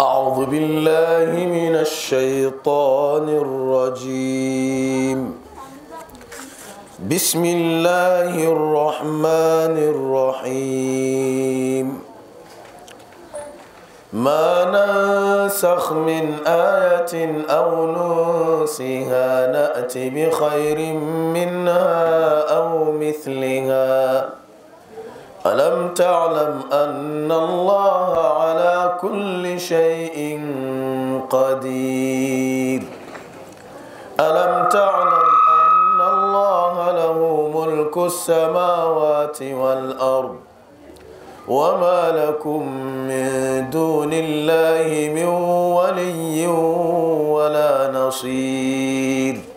أعوذ بالله من الشيطان الرجيم بسم الله الرحمن الرحيم ما ننسخ من آية أو ننسها نأتي بخير منها أو مثلها ألم تعلم أن الله على كل شيء قدير ألم تعلم أن الله له ملك السماوات والأرض وما لكم من دون الله من ولي ولا نصير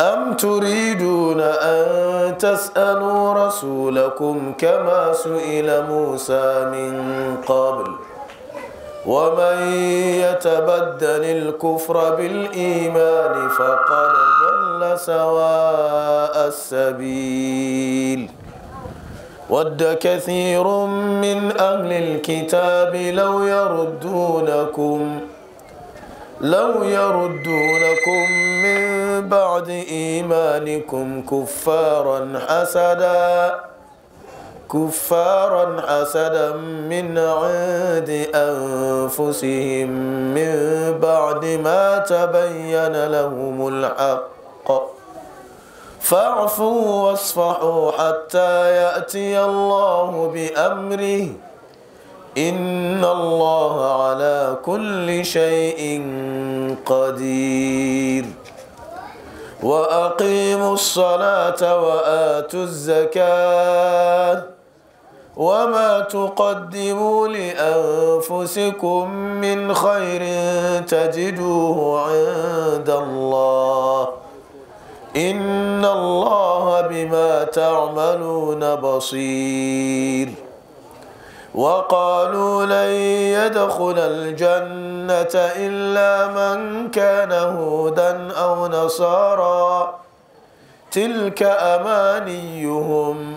أم تريدون أن تسألوا رسولكم كما سئل موسى من قبل ومن يتبدل الكفر بالإيمان فقد ضل سواء السبيل ود كثير من أهل الكتاب لو يردونكم لو يردونكم من بعد إيمانكم كفارا حسدا كفارا حسدا من عند أنفسهم من بعد ما تبين لهم الحق فاعفوا واصفحوا حتى يأتي الله بأمره إن الله على كل شيء قدير وأقيموا الصلاة وآتوا الزكاة وما تقدموا لأنفسكم من خير تجدوه عند الله إن الله بما تعملون بصير وقالوا لن يدخل الجنة إلا من كان هودا أو نصارا تلك أمانيهم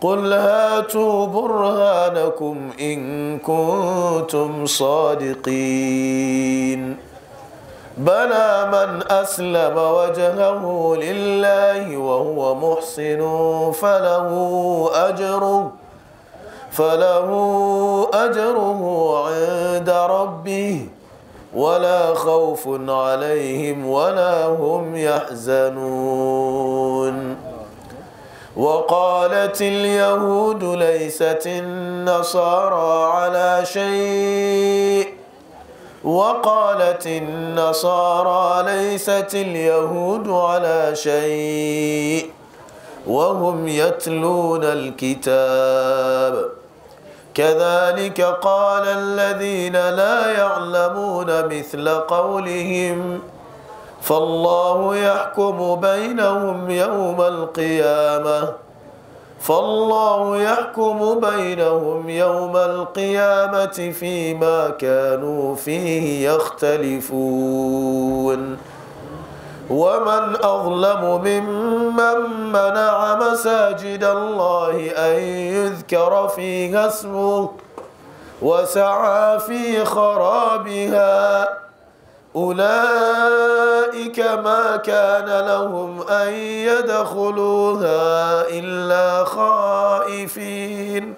قل هاتوا برهانكم إن كنتم صادقين بلى من أسلم وجهه لله وهو محسن فله أجره فله أجره عند ربه ولا خوف عليهم ولا هم يحزنون وقالت اليهود ليست النصارى على شيء وقالت النصارى ليست اليهود على شيء وهم يتلون الكتاب كذلك قال الذين لا يعلمون مثل قولهم فالله يحكم بينهم يوم القيامة فالله يحكم بينهم يوم القيامة فيما كانوا فيه يختلفون ومن أظلم ممن منع مساجد الله أن يذكر فيها اسمه وسعى في خرابها أولئك ما كان لهم أن يدخلوها إلا خائفين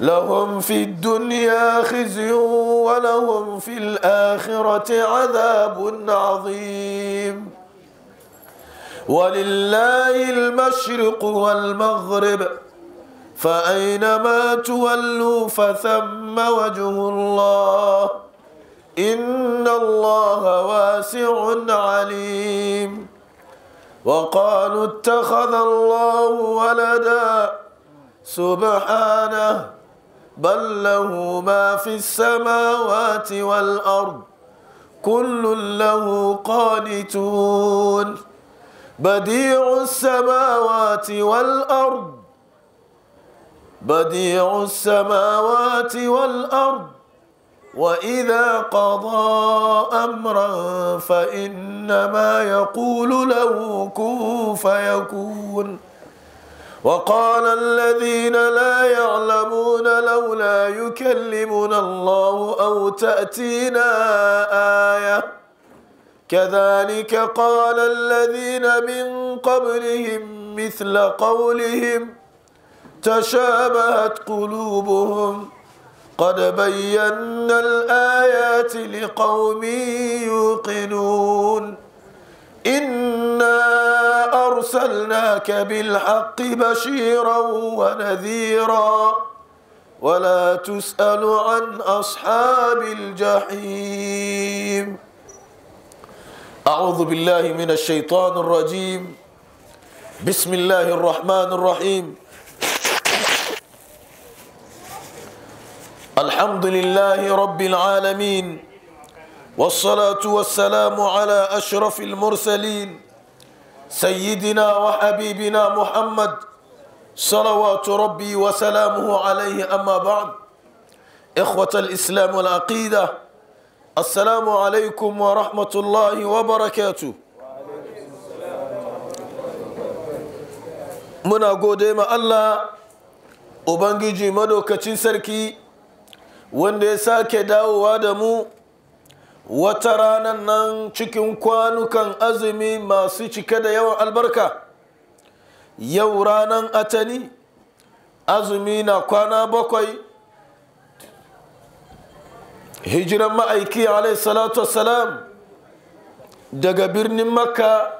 لهم في الدنيا خزي ولهم في الآخرة عذاب عظيم ولله المشرق والمغرب فأينما تولوا فثم وجه الله إن الله واسع عليم وقالوا اتخذ الله ولدا سبحانه بل له ما في السماوات والأرض كل له قانتون بديع السماوات والأرض بديع السماوات والأرض وإذا قضى أمرا فإنما يقول له كن فيكون وقال الذين لا يعلمون لولا يكلمنا الله أو تأتينا آية كذلك قال الذين من قبلهم مثل قولهم تشابهت قلوبهم قد بينا الآيات لقوم يوقنون إنا أرسلناك بالحق بشيرا ونذيرا ولا تسأل عن أصحاب الجحيم أعوذ بالله من الشيطان الرجيم بسم الله الرحمن الرحيم الحمد لله رب العالمين والصلاة والسلام على أشرف المرسلين سيدنا وحبيبنا محمد صلوات ربي وسلامه عليه أما بعد إخوة الإسلام والعقيدة السلام عليكم ورحمة الله وبركاته muna gode الله Allah Ubangiji madaukacin sarki wanda ya sake dawowa da wata ranar nan cikin kwanukan azumi masu cike da yawan albarka yau ranar atani azumi na kwana bakwai hijiran ma'aiki salatu wassalam daga birnin makka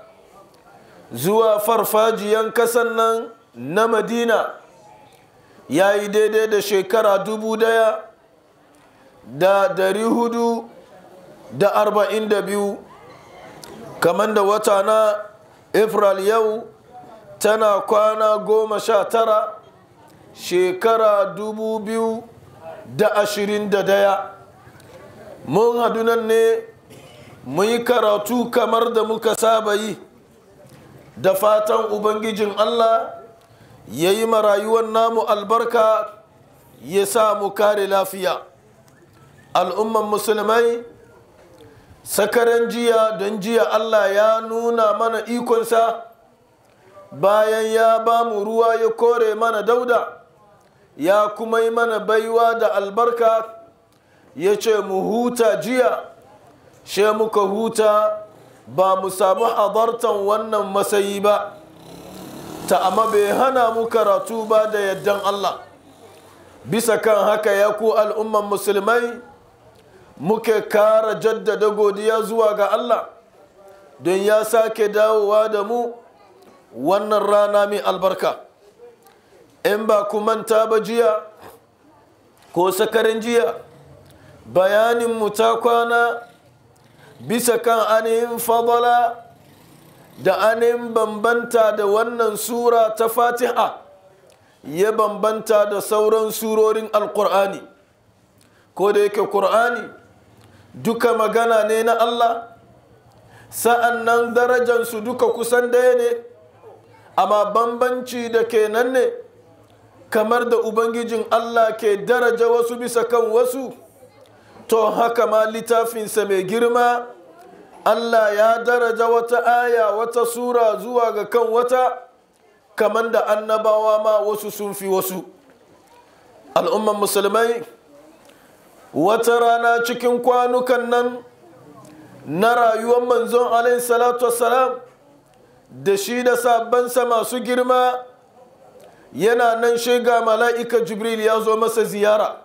zuwa farfajiyan kasan nan na madina ya yi daidai da shekara dubu daya da dari hudu da arba'in da biyu kamar da wata na efral yau tana kwana goma sha tara shekara dubu biyu da ashirin da daya mun hadu nan ne mun yi karatu kamar da muka saba yi da fatan ubangijin allah ya yi marayuwan namu albarka ya sa mu kare lafiya al'umman musulmai sakaran jiya don jiya Allah ya nuna mana ikonsa bayan ya ba mu ruwa ya kore mana dauda ya kuma yi mana baiwa da albarka ya ce mu huta jiya she muka huta ba mu samu hadartan wannan masayi ba ta amma bai hana mu karatu ba da yaddan Allah bisa kan haka ya ku al'umman musulmai muke kara jaddada godiya zuwa ga Allah don ya sake dawowa da mu wannan rana mai albarka in ba ku manta ba jiya ko sakarin jiya Bayanin mu ta kwana bisa kan ainihin fadala da ainihin bambanta da wannan sura ta fatiha ya bambanta da sauran surorin alkur'ani ko da yake kur'ani duka magana ne na Allah sa'an nan darajansu duka kusan daya ne amma bambanci da ke nan ne kamar da ubangijin Allah ke daraja wasu bisa kan wasu to haka ma littafinsa mai girma Allah ya daraja wata aya wata sura zuwa ga kan wata kamar da annabawa ma wasu sun fi wasu al'umman musulmai wata rana cikin kwanukan nan na rayuwar manzon alayhi salatu wassalam da shi da sabansa masu girma yana nan shiga mala'ika jibril ya zo masa ziyara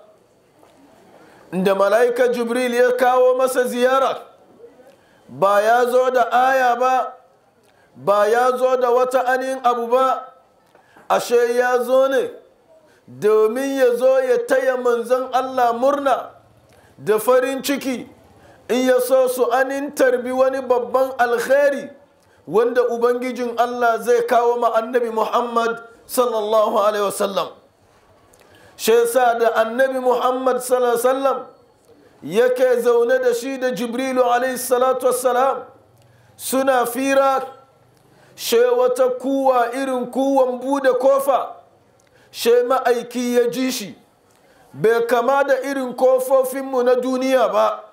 da mala'ika jibril ya kawo masa ziyara ba ya zo da aya ba ba ya zo da wata anin abu ba ashe ya zo ne domin ya zo ya taya manzon allah murna da farin ciki in ya so su anintar bi wani babban alkhairi wanda ubangijin Allah zai kawo ma annabi Muhammad sallallahu alaihi wasallam da annabi Muhammad sallallahu alaihi wasallam yake zaune da shi da Jibrilu alaihi salatu suna fira shai wata kuwa irin kuwan bude kofa shai ma'aiki ya ji shi bai kama da irin kofofinmu na duniya ba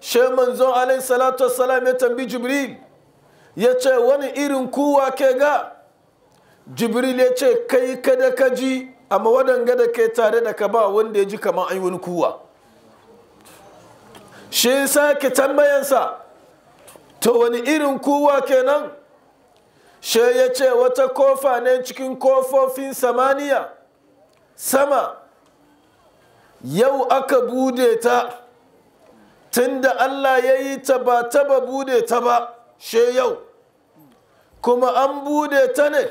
she manzon alayhi salatu wassalam ya tambi jibril ya ce wani irin kuwa ke ga jibril ya ce kai kada ka ji amma waɗanga da ke tare da ka ba wanda ya ji kama an yi wani kuwa shi ke tambayansa to wani irin kuwa kenan she ya ce wata kofa ne cikin kofofin samaniya sama yau aka bude ta tunda Allah ya yi ta ba taba bude ta ba she yau kuma an bude ta ne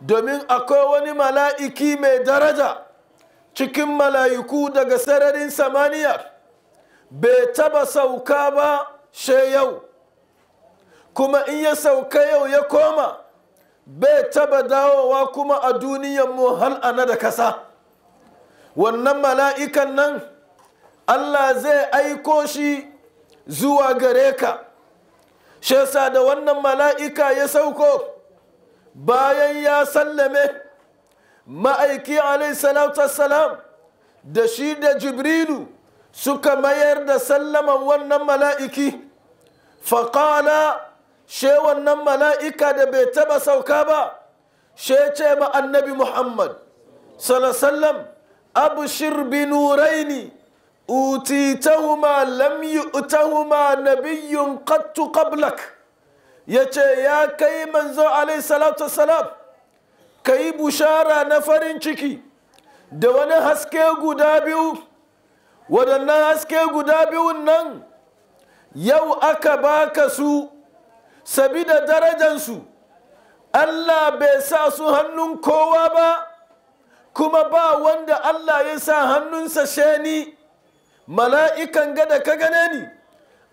domin akwai wani mala'iki mai daraja cikin mala'iku daga sararin samaniya bai taba sauka ba she yau kuma in ya sauka yau ya koma bai taba dawowa kuma a duniyan mu hal ana da kasa wannan mala'ikan nan Allah zai aiko shi zuwa gare ka shi da wannan mala'ika ya sauko bayan ya sallame ma'aiki salam da shi da jibrilu suka mayar da sallaman wannan mala'iki faƙala she wannan mala'ika da bai taɓa sauka ba she ce ma annabi muhammad sallallahu abshir bi nuraini utitahuma lam yu'tahuma nabiyyun qattu yace ya kai manzo alayhi salatu ka yi bushara na farin ciki da wani haske guda biyu waɗannan haske guda biyun nan yau aka baka su sabida darajansu Allah bai sa su hannun kowa ba kuma ba wanda Allah ya sa hannunsa shani mala'ikan gada ka gane ni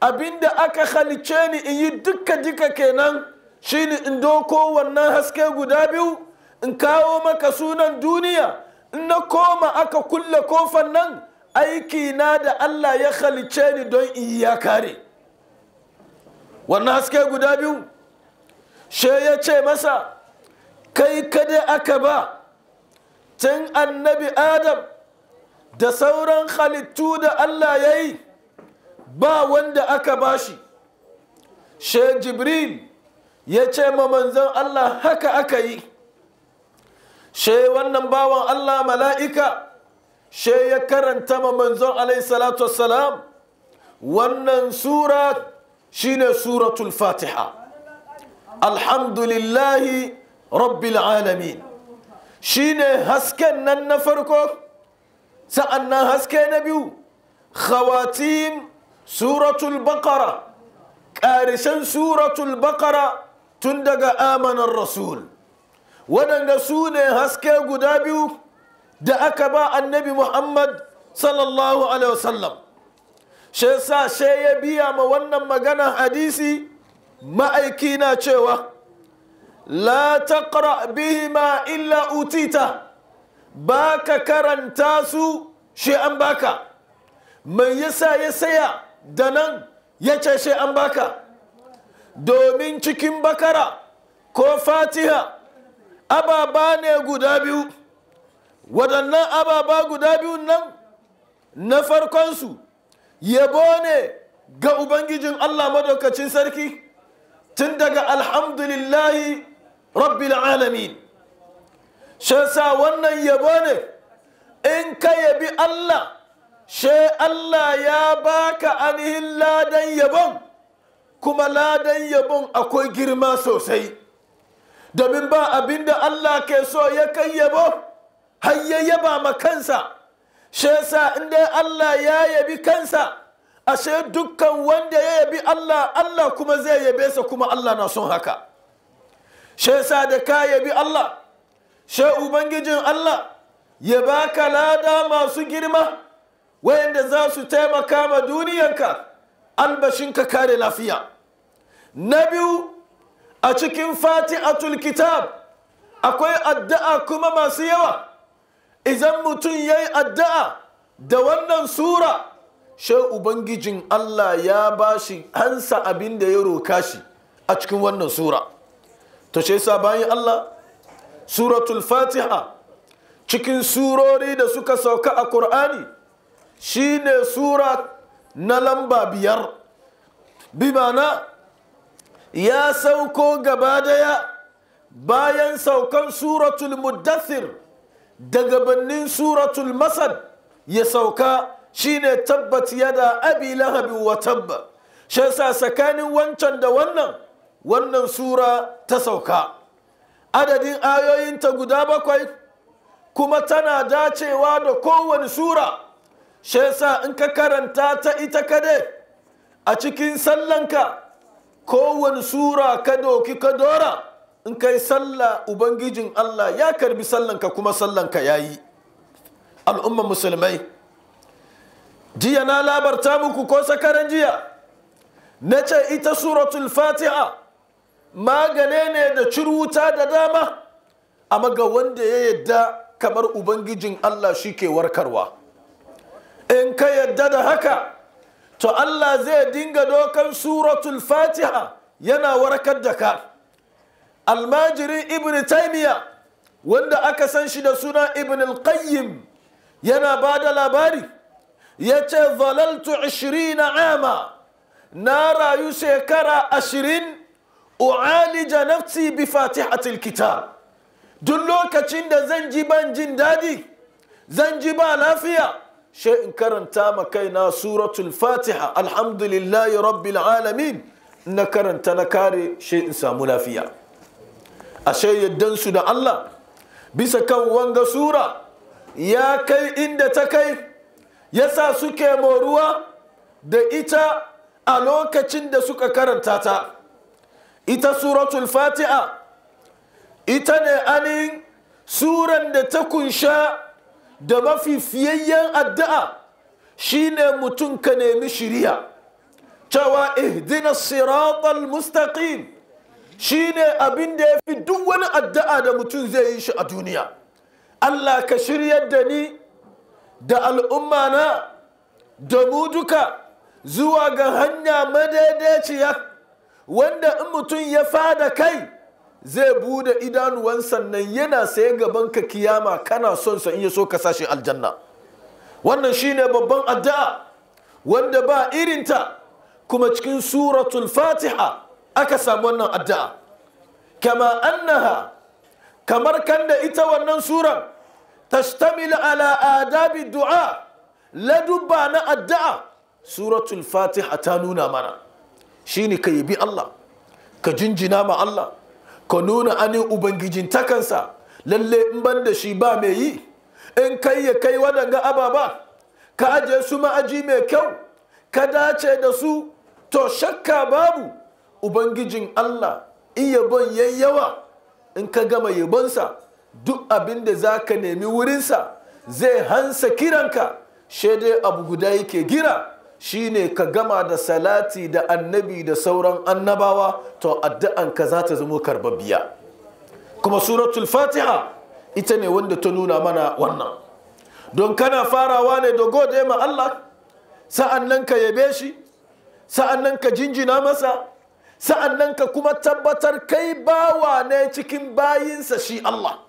abinda aka halice ni in yi dukka jika kenan shine in doko wannan haske guda biyu in kawo maka sunan duniya in na koma aka kulle kofan nan aiki na da Allah ya halice ni don in ya kare wannan haske guda biyu she ya ce masa kai kada aka ba tun annabi adam da sauran halittu da allah ya yi ba wanda aka bashi she jibril ya ce ma manzon allah haka aka yi she wannan bawan allah mala'ika she ya karanta ma manzon salatu salam wannan sura shine suratul fatiha alhamdulillahi rabbil alamin Shi ne hasken nan na farko sa'an nan haske na biyu khawatim suratul baqara ƙarshen suratul baqara tun daga amanar rasul waɗanda su ne haske guda biyu da aka ba annabi muhammad sallallahu alaihi wasallam shi sa ya biya ma wannan magana hadisi ma'aiki na cewa la taqra ma illa utita baka karanta su shi an baka mai yasa ya saya da nan ya ce shi an baka domin cikin bakara ko fatiha ababa ne guda biyu waɗannan ababa guda biyu nan na farkonsu yabo ne ga ubangijin allah madaukacin sarki tun daga alhamdulillahi rabbil alamin shi sa wannan yabo ne in ka yabi Allah she Allah ya baka ainihin ladan yabon kuma ladan yabon akwai girma sosai domin ba abin da Allah ke so ya kai yabo har ya yaba ma kansa Shesa yasa Allah ya yabi kansa ashe dukkan wanda ya yabi Allah Allah kuma zai yabe sa kuma Allah na son haka shi da ka bi Allah She ubangijin Allah ya baka lada masu girma wayanda za su taimaka ma duniyanka albashin ka kare lafiya na biyu a cikin fati'atul kitab akwai addu'a kuma masu yawa idan mutum ya yi addu'a da wannan sura shi ubangijin Allah ya bashi hansa abin da ya roka shi a cikin wannan sura to shi yasa bayan Allah suratul fatiha cikin surori da suka sauka a Kur'ani shine sura na lamba biyar bi mana ya sauko gaba daya bayan saukan suratul muddathir da gabanin suratul masad ya sauka shine tabbat yada abi lahabi wa tabba shi tsakanin wancan da wannan wannan sura ta sauka adadin ayoyinta guda bakwai kuma tana dacewa da kowane sura shi yasa in ka karanta ta ita kade a cikin sallanka kowane sura ka doki ka dora in kai sallah ubangijin Allah ya karbi sallanka kuma sallanka ya yi al'umman musulmai jiya na labarta muku ko sakaran jiya na ce ita suratul fatiha magane ne da curuta da dama amma ga wanda ya yadda kamar ubangijin Allah shi ke warkarwa in ka yadda da haka to Allah zai dinga dokan suratul fatiha yana warkar da ka almajirin ibn taimiya wanda aka san shi da suna ibn al yana ba da labari ya ce zalaltu 20 ama na rayu shekara ashirin u'alija nafsi bi fatihatil kitab duk lokacin da zan ji ban jin daɗi zan ji ba lafiya shi in karanta ma kaina suratul fatiha alhamdulillahi rabbil alamin na karanta na kare shi in samu lafiya ashe yaddan su da Allah bisa kan wanga sura ya kai inda ta kai yasa suke moruwa da ita a lokacin da suka karantata. ita suratul fatiha ita ne anin suran da ta kunsha da mafi fiyayyen addu'a shine mutum ka nemi shiriya cewa ihdina siratal mustaqim shine abin da ya fi duk wani addu'a da mutum zai yi shi a duniya Allah ka shiryar da ni da al'umma na da mu duka zuwa ga hanya madaidaiciya wanda in mutum ya fada kai zai bude idanuwan sannan yana saye gaban ka kiyama kana son sa in so ka sashi aljanna wannan shine babban addu'a wanda ba irinta kuma cikin suratul fatiha aka samu wannan addu'a kama annaha kamar kan da ita wannan suran tashtamil ala adabi du'a ladubba na addu'a suratul fatiha ta nuna mana shine ka yabi Allah ka jinjina ma Allah ka nuna anin ubangijin takansa lalle in ban da shi ba mai yi in kai ya kai waɗanga ababa ka aje su ma'aji mai kyau ka dace da su to shakka babu ubangijin Allah in yabon yawa? in ka gama yabonsa duk abin da za ka nemi wurinsa zai hansa kiranka shaidai abu guda yake gira shine ka gama da salati da annabi da sauran annabawa to addu'anka za ta zama karbabbiya kuma suratul fatiha ita ne wanda ta nuna mana wannan don kana farawa ne da gode ma Allah sa'an nan ka yabe shi sa'an nan ka jinjina masa sa'an nan ka kuma tabbatar kai bawa ne cikin bayinsa shi Allah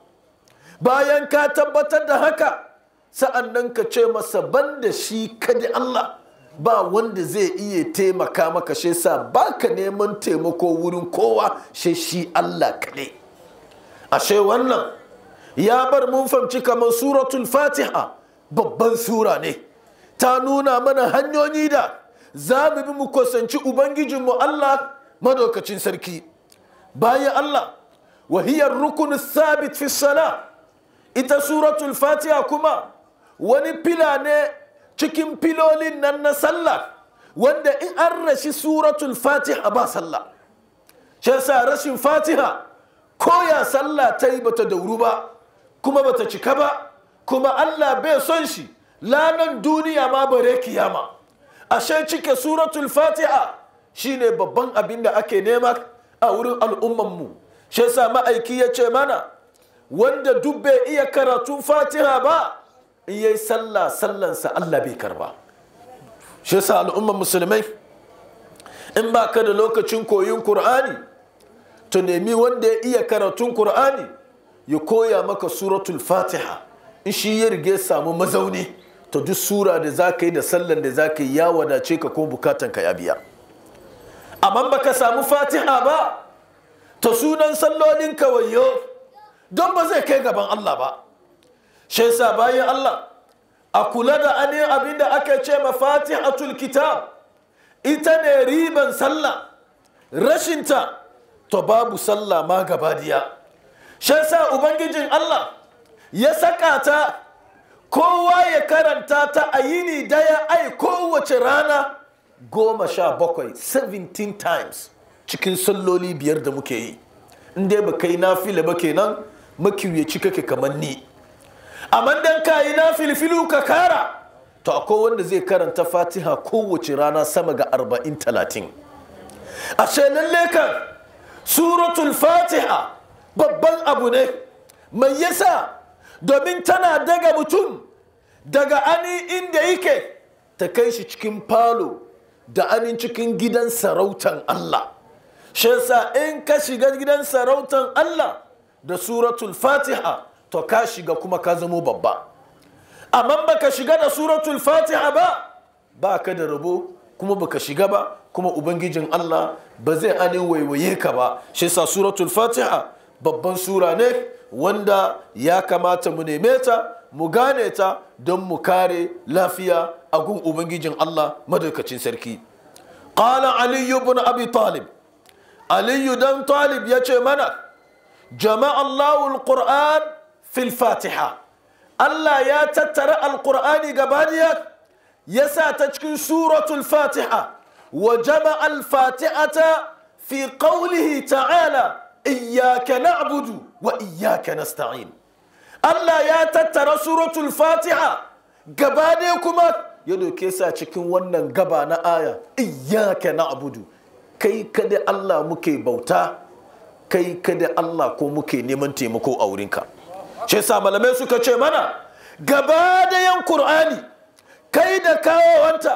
bayan ka tabbatar da haka sa'an nan ka ce masa ban da shi kadi Allah ba wanda zai iya taimaka maka shi sa baka neman taimako wurin kowa shi shi Allah kaɗai ashe wannan ya bar mun fahimci kamar suratul fatiha babban sura ne ta nuna mana hanyoyi da za mu bi mu kusanci ubangijinmu Allah madaukacin sarki Baya Allah wahiyar rukun sabit fi sala ita suratul fatiha kuma wani fila ne cikin filolin nan na sallah wanda in an rashi suratul fatiha ba sallah shi yasa rashin fatiha ko ya sallah ta yi bata dauru ba kuma bata cika ba kuma allah bai son shi lanan duniya ma bare kiyama ashe cike suratul fatiha shine babban abin da ake nema a wurin al'ummanmu shi yasa ma'aiki ya ce mana wanda duk bai iya karatun fatiha ba in yayi sallah sallansa Allah bai karba shi yasa al'ummar musulmai in ba ka da lokacin koyon Kur'ani to nemi wanda ya iya karatun Kur'ani ya koya maka suratul Fatiha in shi ya rige samu mazauni ta duk sura da za ka yi da sallan da za ka yi ya wadace ka ko bukatan ka ya biya amma ba ka samu Fatiha ba ta sunan sallolin wayo, don ba zai kai gaban Allah ba shi yasa bayan Allah a kula da ane abin da aka ce ma mafatihatul kitab ita ne riban sallah rashinta to babu sallah ma gabadiya shi yasa ubangijin Allah ya saka ta kowa ya karanta ta a yini daya ai kowace rana goma sha bakwai 17 times cikin salloli biyar da muke yi in dai ba kai nafila ba kenan makiyaci kake kamar ni A dan ka na filfilu ka kara to akwai wanda zai karanta fatiha kowace rana sama ga arba'in talatin A lalle kan suratul fatiha babban abu ne mai yasa domin tana daga mutum daga ani inda yake ta kai shi cikin falo da anin cikin gidan sarautan Allah shi yasa in ka shiga gidan sarautan Allah da suratul fatiha to ka shiga kuma ka zamo babba amma baka shiga da suratul fatiha ba ba ka da rabo kuma baka shiga ba kuma ubangijin Allah ba zai anin waiwaye ka ba shi sa suratul fatiha babban sura ne wanda ya kamata mu neme ta mu gane ta don mu kare lafiya a gun ubangijin Allah madaukacin sarki qala Aliyu bin abi talib Aliyu dan talib ya ce mana jama'a Allahul qur'an fil fatiha Allah ya tattara alkur'ani gabaniya ya sa ta cikin suratul fatiha wa jama alfatihata fi qawlihi ta'ala iyyaka na'budu wa iyyaka nasta'in Allah ya tattara suratul fatiha gabane kuma ya doke sa cikin wannan gaba na aya iyyaka na'budu kai kada Allah muke bauta kai kada Allah ko muke neman taimako a wurinka ce sa malamai suka ce mana gaba da yan Kur'ani, kai da kawowanta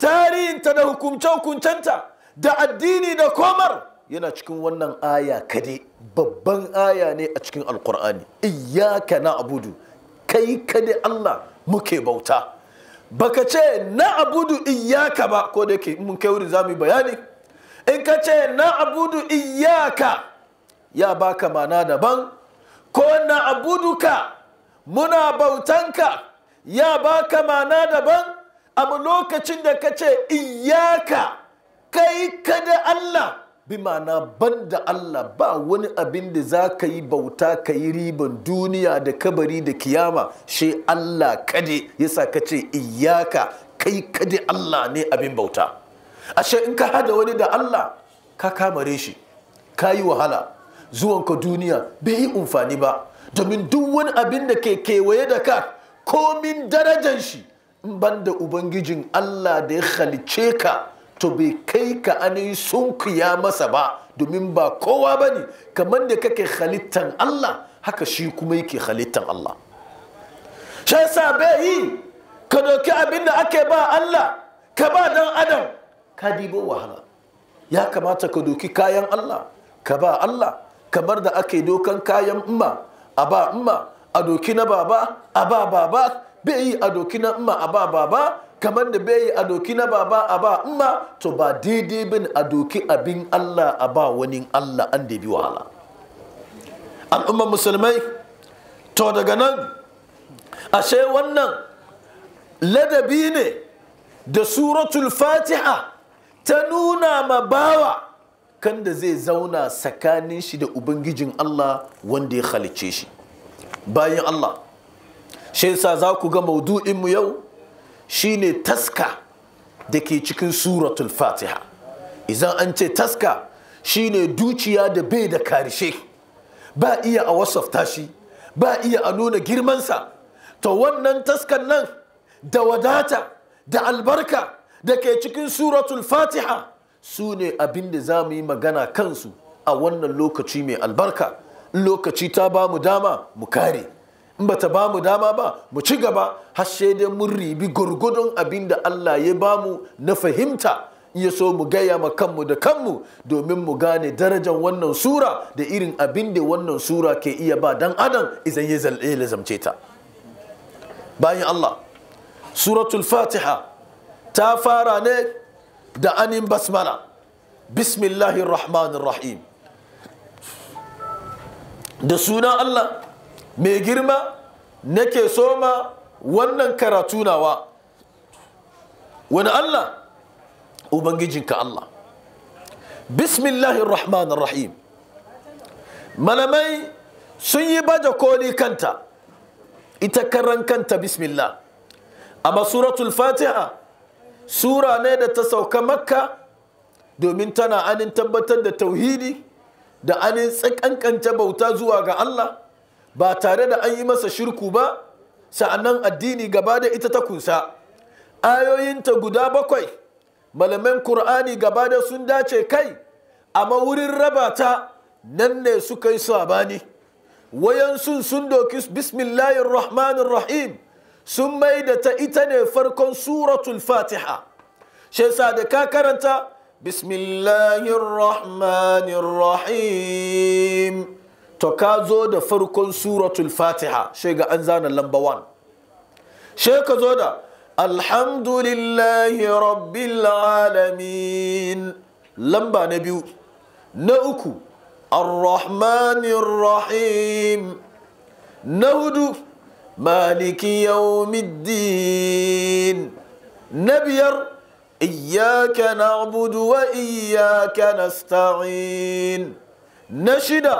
tarihinta da hukunce-hukuncenta da addini da komar yana cikin wannan aya kade babban aya ne a cikin alkur'ani iyaka na abudu kai kade allah muke bauta baka ce na abudu iyaka ba ko da yake mun kai wuri za mu bayani in ka ce na abudu iyaka ya baka mana daban ko na abuduka muna bautanka ya baka mana daban abu lokacin da ka ce iyaka kai ka da Allah bi mana ban da Allah ba wani abin da za ka yi bauta ka yi riban duniya da kabari da kiyama shi Allah kade yasa ka ce iyaka kai kade Allah ne abin bauta ashe in ka hada wani da Allah ka kamare shi ka yi wahala zuwanka duniya bai yi umfani ba domin duk wani abin da ke kewaye da ka komin darajan shi in ban da ubangijin Allah da ya halice ka to bai kai ka sun sunkuya masa ba domin ba kowa ba ne kamar da kake halittan Allah haka shi kuma yake halittan Allah shi sa bai yi ka doki abin da ake ba Allah ka ba dan adam ka dibo wahala ya kamata ka doki kayan Allah ka ba Allah kamar da ake dokan kayan umma a ba umma a doki na baba a ba baba bai yi a doki na umma a ba baba kamar da bai yi a doki na baba a ba umma to ba daidai bin a doki abin Allah a ba wani Allah an da bi wahala al'ummar musulmai to daga nan ashe wannan ladabi ne da suratul fatiha ta nuna ma bawa kan da zai zauna tsakanin shi da ubangijin Allah wanda ya halicce shi bayan Allah shi za ku ga maudu'inmu yau shine taska da ke cikin suratul fatiha idan an ce taska shine dukiya da bai da karshe ba iya a wasafta shi ba iya a nuna girmansa to wannan taskan nan da wadata da albarka da ke cikin suratul fatiha su ne abin da za mu yi magana kansu a wannan lokaci mai albarka lokaci ta ba mu dama mu kare in bata ba mu dama ba mu ci gaba har dai mun ribi gurgudun abin da Allah ya ba mu na fahimta ya so mu gaya ma kanmu da kanmu domin mu gane darajar wannan sura da irin abin da wannan sura ke iya ba dan adam idan ya zalce ta bayan Allah suratul fatiha ta fara ne da anin basmala bismillahir rahmanir rahim da sunan Allah mai girma nake soma wannan karatu nawa wani Allah ubangijinka Allah bismillahir rahmanir rahim malamai sun yi baje koli kanta ita karan kanta bismillah amma suratul fatiha sura ne da ta sauka makka domin tana anin tabbatar da tauhidi da anin tsakankanta bauta zuwa ga Allah ba tare da an yi masa shirku ba sa'annan addini gaba da ita ta kunsa ayoyinta guda bakwai malaman Kur'ani gaba da sun dace kai amma wurin raba ta nan ne suka yi sabani wayansu sun doki bismillahir rahmanir rahim sun mai da ta ita ne farkon suratul fatiha shi yasa da ka karanta bismillahirrahmanirrahim to ka zo da farkon suratul fatiha shi ga an zana lamba 1 shi ka zo da alhamdulillahi rabbil alamin lamba na biyu na uku arrahmanirrahim na hudu مالك يوم الدين نبير إياك نعبد وإياك نستعين نشد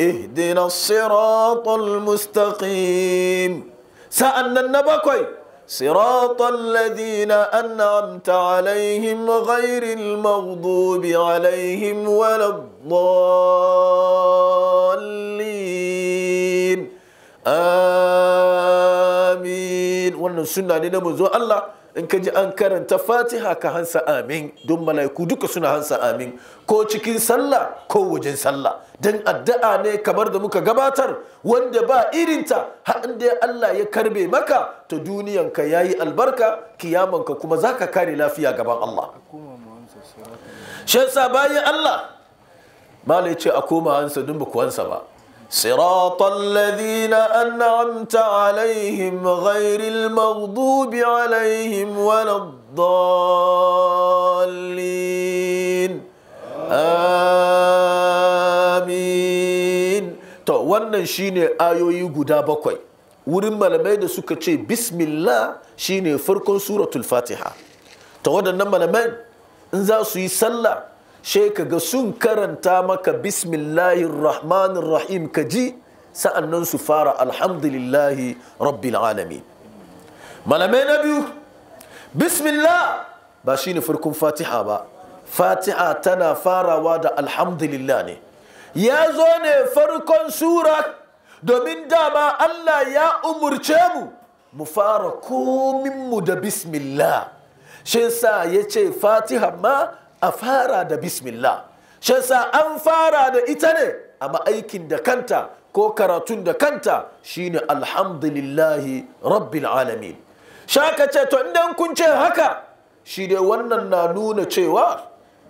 اهدنا الصراط المستقيم سألنا النبكوي صراط الذين أنعمت عليهم غير المغضوب عليهم ولا الضالين amin wannan suna ne na manzo Allah in ka ji an karanta fatiha ka hansa amin don mala'iku duka suna hansa amin ko cikin sallah ko wajen sallah don addu'a ne kamar da muka gabatar wanda ba irinta har da Allah ya karbe maka ta duniyanka ya yi albarka kiyamanka kuma za ka kare lafiya gaban Allah shan sa bayan Allah ma ce a koma hansa don ba ku hansa ba صراط الذين أنعمت عليهم غير المغضوب عليهم ولا الضالين amin to wannan shine ayoyi guda bakwai wurin malamai da suka ce bismillah shine farkon suratul fatiha to waɗannan malamai in za su yi sallah sai ka ga sun karanta maka bismillahir rahmanir rahim ka ji sa'annan su fara alhamdulillahi rabbil alamin malamai na biyu bismillah ba shine farkon fatiha ba fatiha tana farawa da alhamdulillah ne ya zo ne farkon sura domin dama Allah ya umurce mu mu fara kominmu da bismillah shi sa ya ce fatiha ma a fara da bismillah shi an fara da ita ne amma aikin da kanta ko karatun da kanta shine alhamdulillahi rabbil alamin shaka ce to idan kun ce haka shi dai wannan na nuna cewa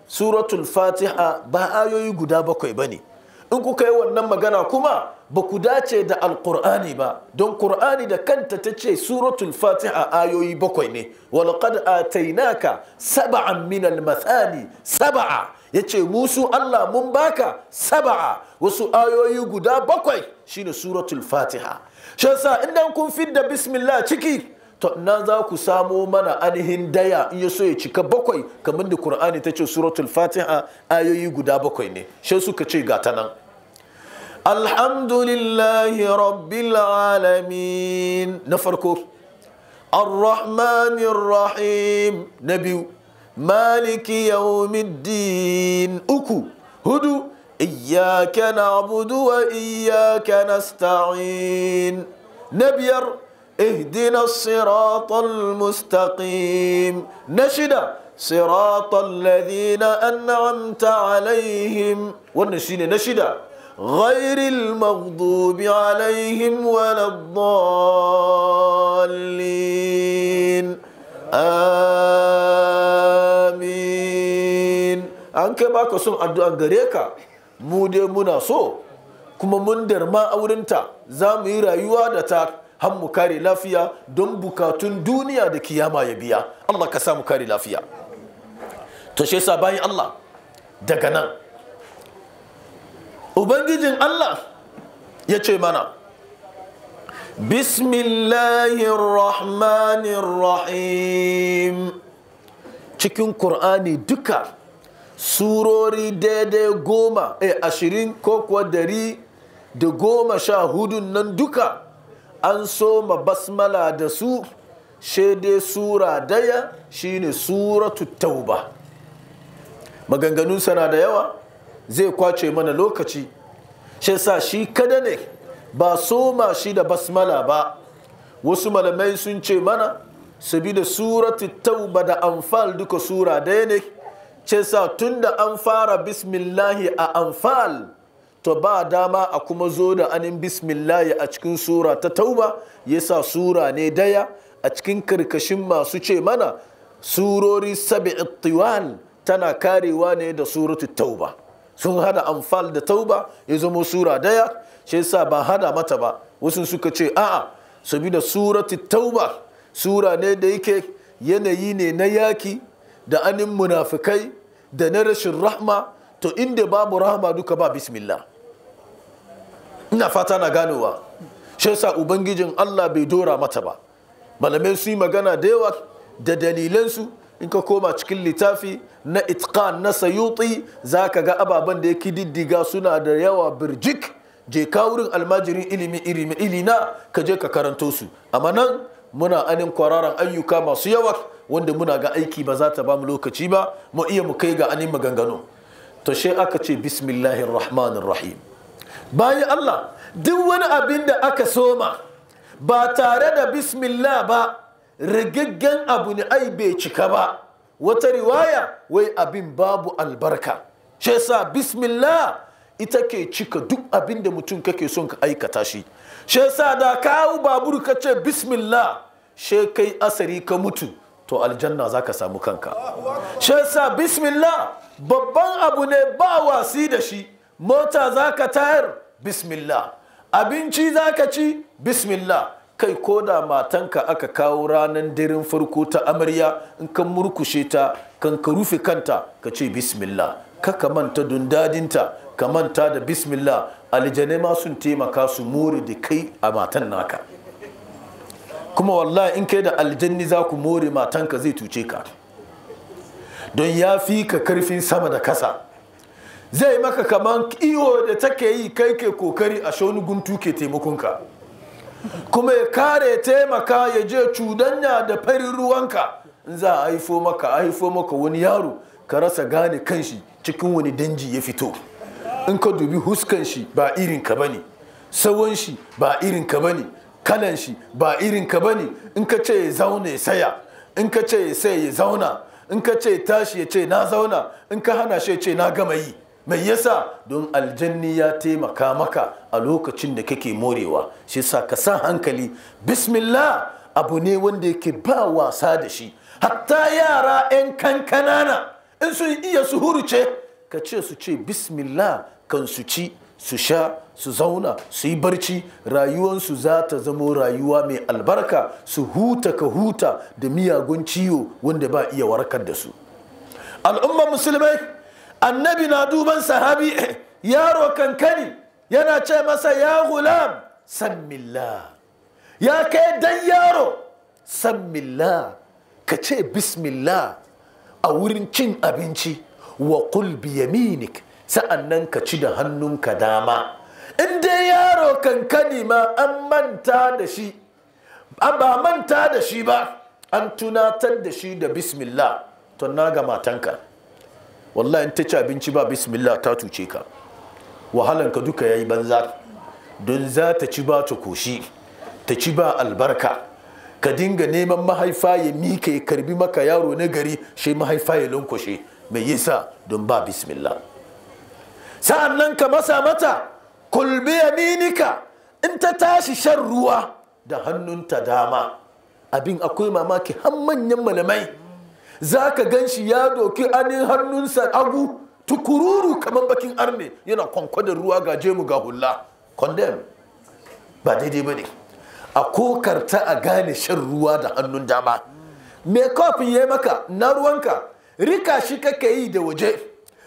suratul fatiha ba ayoyi guda bakwai bane in kuka yi wannan magana kuma ba ku dace da alkur'ani ba don kur'ani da kanta ta ce suratul fatiha ayoyi bakwai ne walqad atainaka sab'an min almathani sab'a yace musu Allah mun baka sab'a wasu ayoyi guda bakwai shine suratul fatiha shan sa idan kun fidda bismillah ciki to na za ku samo mana ainihin daya in ya so ya cika bakwai kamar da Kur'ani ta ce suratul fatiha ayoyi guda bakwai ne shan suka ce ga ta nan الحمد لله رب العالمين نفركو الرحمن الرحيم نبي مالك يوم الدين أكو هدو إياك نعبد وإياك نستعين نبير اهدنا الصراط المستقيم نشد صراط الذين أنعمت عليهم والنشيد نشد غير المغضوب عليهم ولا الضالين amin an kai baka son addu'an gare ka mu dai muna so kuma mun darma aurinta za mu yi rayuwa da ta har mu kare lafiya don bukatun duniya da kiyama ya biya Allah ka sa mu kare lafiya Taushe shi yasa bayan Allah daga nan ubangijin Allah ya ce mana bismillahirrahmanirrahim cikin Kur'ani duka surori daidai goma eh ashirin ko kuwa dari da goma sha hudun nan duka an so soma basmala da su shaidai sura daya shine suratu tauba maganganun na da yawa zai kwace mana lokaci shi sa shi kada ne ba soma shi da basmala ba wasu malamai sun ce mana da suratu tauba da anfal duka sura daya ne ce sa tun da an fara bismillahi a anfal to ba dama a kuma zo da anin bismillahi a cikin sura ta tauba yasa sura ne daya a cikin karkashin masu ce mana surori sabi'at tiwal tana karewa ne da suratu tauba sun hada amfal da tauba ya zama sura daya shi yasa ba hada mata ba wasu suka ce a'a saboda surati tauba sura ne da yake yanayi ne na yaki da anin munafikai da na rashin rahma to inda babu rahma duka ba bismillah ina fata na ganowa shi yasa ubangijin Allah bai dora mata ba malamai su yi magana da yawa da dalilansu in ka koma cikin littafi na itqan na sayuti za ka ga ababen da ya kididdiga suna da yawa birjik je ka wurin almajirin ilimi ilimi ilina ka je ka karanto su amma nan muna anin kwararan ayyuka masu yawa wanda muna ga aiki ba za ta ba mu lokaci ba mu iya mu kai ga anin maganganu to she aka ce bismillahir rahmanir bayan Allah duk wani abin da aka soma ba tare da bismillah ba rigaggen abu ne ai bai cika ba wata riwaya wai abin babu albarka shi yasa bismillah ita ke cika duk abin da mutum kake son ka aikata shi shi yasa da kawo babur ka ce bismillah she kai asari ka mutu to aljanna za ka samu kanka shi yasa bismillah babban abu ne ba wasi da shi mota za ka tayar bismillah abinci za ka ci bismillah kai ko da matanka aka kawo ranar daren farko ta amarya in kan murkushe ta kan ka rufe kanta ka ce bismillah ka manta dundadinta ka manta da bismillah aljanai ma sun taimaka su more da kai a matan naka kuma wallahi in kai da aljanni za ku more matanka zai tuce ka don ya fi ka karfin sama da kasa zai maka kaman iyo da take yi kai ke kokari a shauni guntu ke taimakonka kuma ya kare taimaka ya je cudanya da farin ruwanka in za a haifo maka a haifo maka wani yaro ka rasa gane kanshi cikin wani danji ya fito in ka dubi huskan shi ba irin ka bane tsawon shi ba irin ka bane kalan shi ba irin ka bane in ka ce ya zauna ya saya in ka ce ya sai ya zauna in ka ce tashi ya ce na zauna in ka hana shi ya ce na gama yi mai yasa don aljanni ya taimaka maka a lokacin da kake morewa shi sa ka sa hankali bismillah abu ne wanda yake ba wasa da shi hatta yara 'yan kankanana in sun iya su hurce ka ce su ce bismillah kan su ci su sha su zauna su yi barci rayuwansu za ta zamo rayuwa mai albarka su huta ka huta da miyagun ciwo wanda ba iya warkar da su al'umma musulmai annabi na duban sahabi yaro kankani yana ce masa ya gulam sammilla ya kai dan yaro sammilla ka ce bismillah a wurin cin abinci wa kulbi yaminik sa'annan ka ci da hannunka dama in dai yaro kankani ma an manta da shi ba manta da shi ba an tunatar da shi da bismillah tun na ga matanka wallahi in ta ci abinci ba bismillah ta tuce ka wahalanka duka yayi banza don za ta ci ba ta koshi ta ci ba albarka ka dinga neman mahaifa ya mika ya karbi maka yaro na gari shi mahaifa ya lankwashe mai yasa don ba bismillah sa'an nan ka masa mata kulbi yaminika in ta tashi shan ruwa da hannun ta dama abin akwai mamaki har manyan malamai za ka gan shi ya doki anin hannunsa agu tukururu kamar bakin arne yana kwankwadar ruwa ga jemu ga hula condemn ba daidai ba ne a kokarta a gane shan ruwa da hannun dama me kofin ya maka na ruwanka rika shi kake yi da waje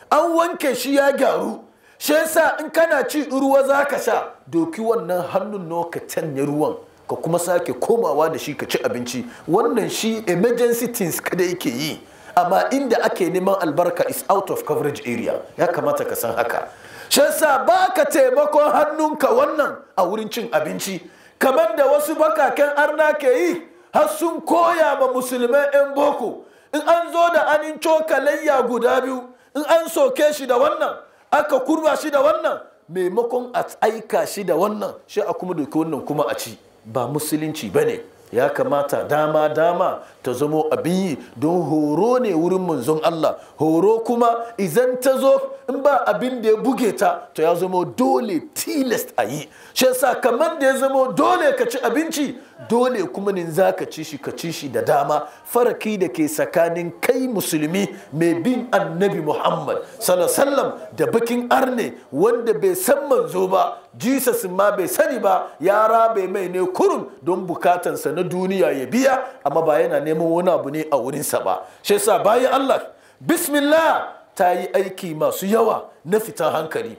an wanke shi ya gyaru shi yasa in kana ci ruwa za ka sha doki wannan hannun ka ya ruwan ka kuma sake komawa da shi ka ci abinci wannan shi emergency things kada yake yi amma inda ake neman albarka is out of coverage area ya kamata ka san haka shi sa ba ka taimakon hannunka wannan a wurin cin abinci kamar da wasu bakaken arna ke yi har sun koya ma musulman 'yan boko in an zo da anin cokalayya guda biyu in an soke shi da wannan aka kurba shi da wannan maimakon a aika shi da wannan shi a kuma doki wannan kuma a ci ba musulunci ba ne ya kamata dama dama ta zamo abin yi don horo ne wurin manzon Allah horo kuma izan ta zo in ba abin da ya buge ta to ya zamo dole tilast a yi shi yasa kamar da ya zamo dole ka ci abinci dole kuma ne za ka ci shi ka ci shi da dama faraki da ke tsakanin kai musulmi mai bin annabi muhammad sallallahu da bakin arne wanda bai san manzo ba jesus ma bai sani ba ya rabe mai ne kurun don bukatansa na duniya ya biya amma ba yana neman wani abu ne a wurinsa ba shi sa bayan allah bismillah ta yi aiki masu yawa na fitan hankali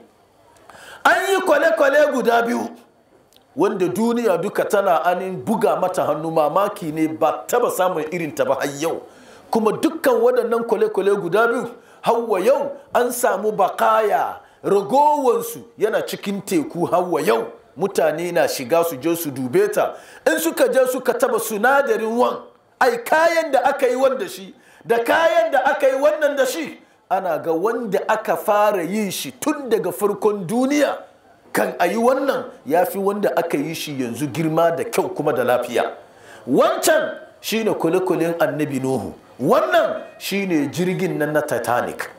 an yi kwale-kwale guda biyu wanda duniya duka tana anin buga mata hannu mamaki ne ba taba samun irin ta ba har yau kuma dukkan waɗannan kwale-kwale guda biyu hawa yau an samu bakaya ragowansu yana cikin teku hawa yau mutane na shiga su je su dube ta in suka je suka taba sunadarin wan ai kayan da aka yi wanda shi da kayan da aka yi wannan da shi ana ga wanda aka fara yin shi tun daga farkon duniya kan a yi wannan ya fi wanda aka yi shi yanzu girma da kyau kuma da lafiya wancan shi shine kulikulin annabi nuhu wannan shi ne jirgin nan na titanic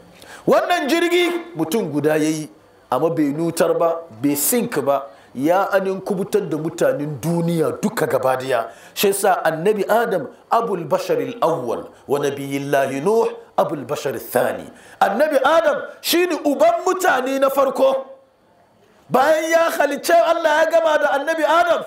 wannan jirgi mutum guda ya yi amma bai nutar ba bai sink ba ya anin kubutar da mutanen duniya duka daya shi sa annabi adam abul bashar awwal wa nabiyillahi nuh abul bashar thani annabi adam shi ne uban mutane na farko bayan ya halicce Allah ya gama da annabi Adam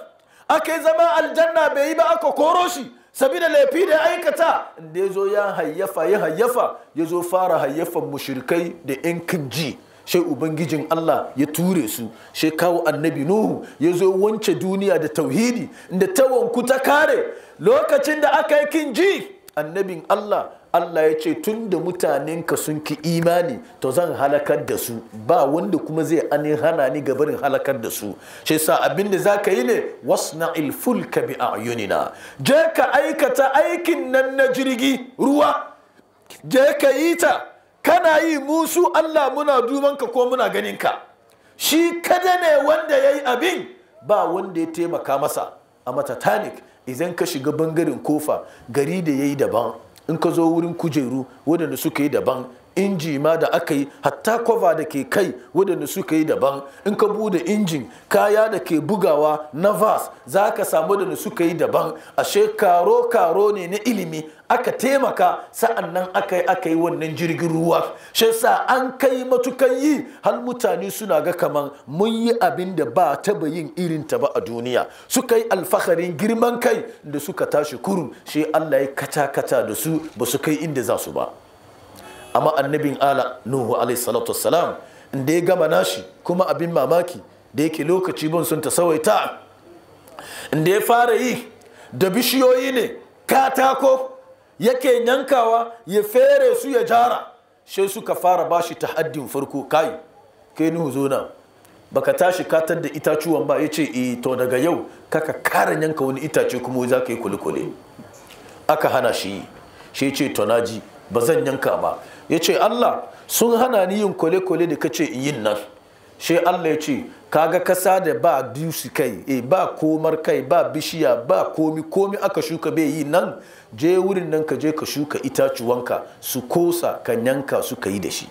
aka yi zama aljanna bai yi ba aka koro shi sabida laifi da aikata da ya zo ya hayyafa ya hayyafa ya zo fara hayyafan mushrikai da yan kirji shai ubangijin Allah ya ture su shai kawo annabi Nuhu ya zo wance duniya da tauhidi da tawanku ta kare lokacin da aka yi kinji annabin Allah Allah ya ce tun da mutanenka sun ki imani to zan halakar da su ba wanda kuma zai anin hana ni gabarin halakar da su shi sa abin da za ka yi ne ilful ka bi a'yunina je ka aikata aikin nan na jirgi ruwa je ka yi ta kana yi musu Allah muna duban ka ko muna ganin ka shi kada ne wanda ya yi abin ba wanda ya taimaka masa a matatanik, idan ka shiga bangaren kofa gari da ya yi daban in ka zo wurin kujeru waɗanda suka yi daban inji ma da aka yi hatta kwava da ke kai waɗanda suka yi daban in ka bude injin kaya da ke bugawa na vas za ka samu waɗanda suka yi daban ashe karo karo ne na ilimi aka taimaka sa'an nan aka yi wannan jirgin ruwa shi sa an kai matukan yi hal mutane suna ga kaman mun yi abin da ba taba yin irin ta ba a duniya suka yi alfaharin girman kai da suka tashi kurum shi Allah ya kata kata da su ba su kai inda za su ba amma annabin ala nuhu alaihi salatu inda ya gama nashi kuma abin mamaki da yake lokaci bin sun ta sawaita inda ya fara yi da bishiyoyi ne katako yake yankawa ya fere su ya jara sai suka fara bashi ta haddin farko kai kai nuhu zo na ka tashi katar da itacuwan ba ya ce e to daga yau kaka kara yanka wani itace kuma za ka yi kulikuli aka hana shi shi ce to naji ba zan yanka ba ya ce Allah sun hana ni yin kwale-kwale da kace in yin nan shi Allah ya ce kaga kasa da ba dusi kai e ba komar kai ba bishiya ba komi komi aka shuka bai yi nan je wurin nan ka je ka shuka itacuwanka su kosa ka yanka su ka yi da shi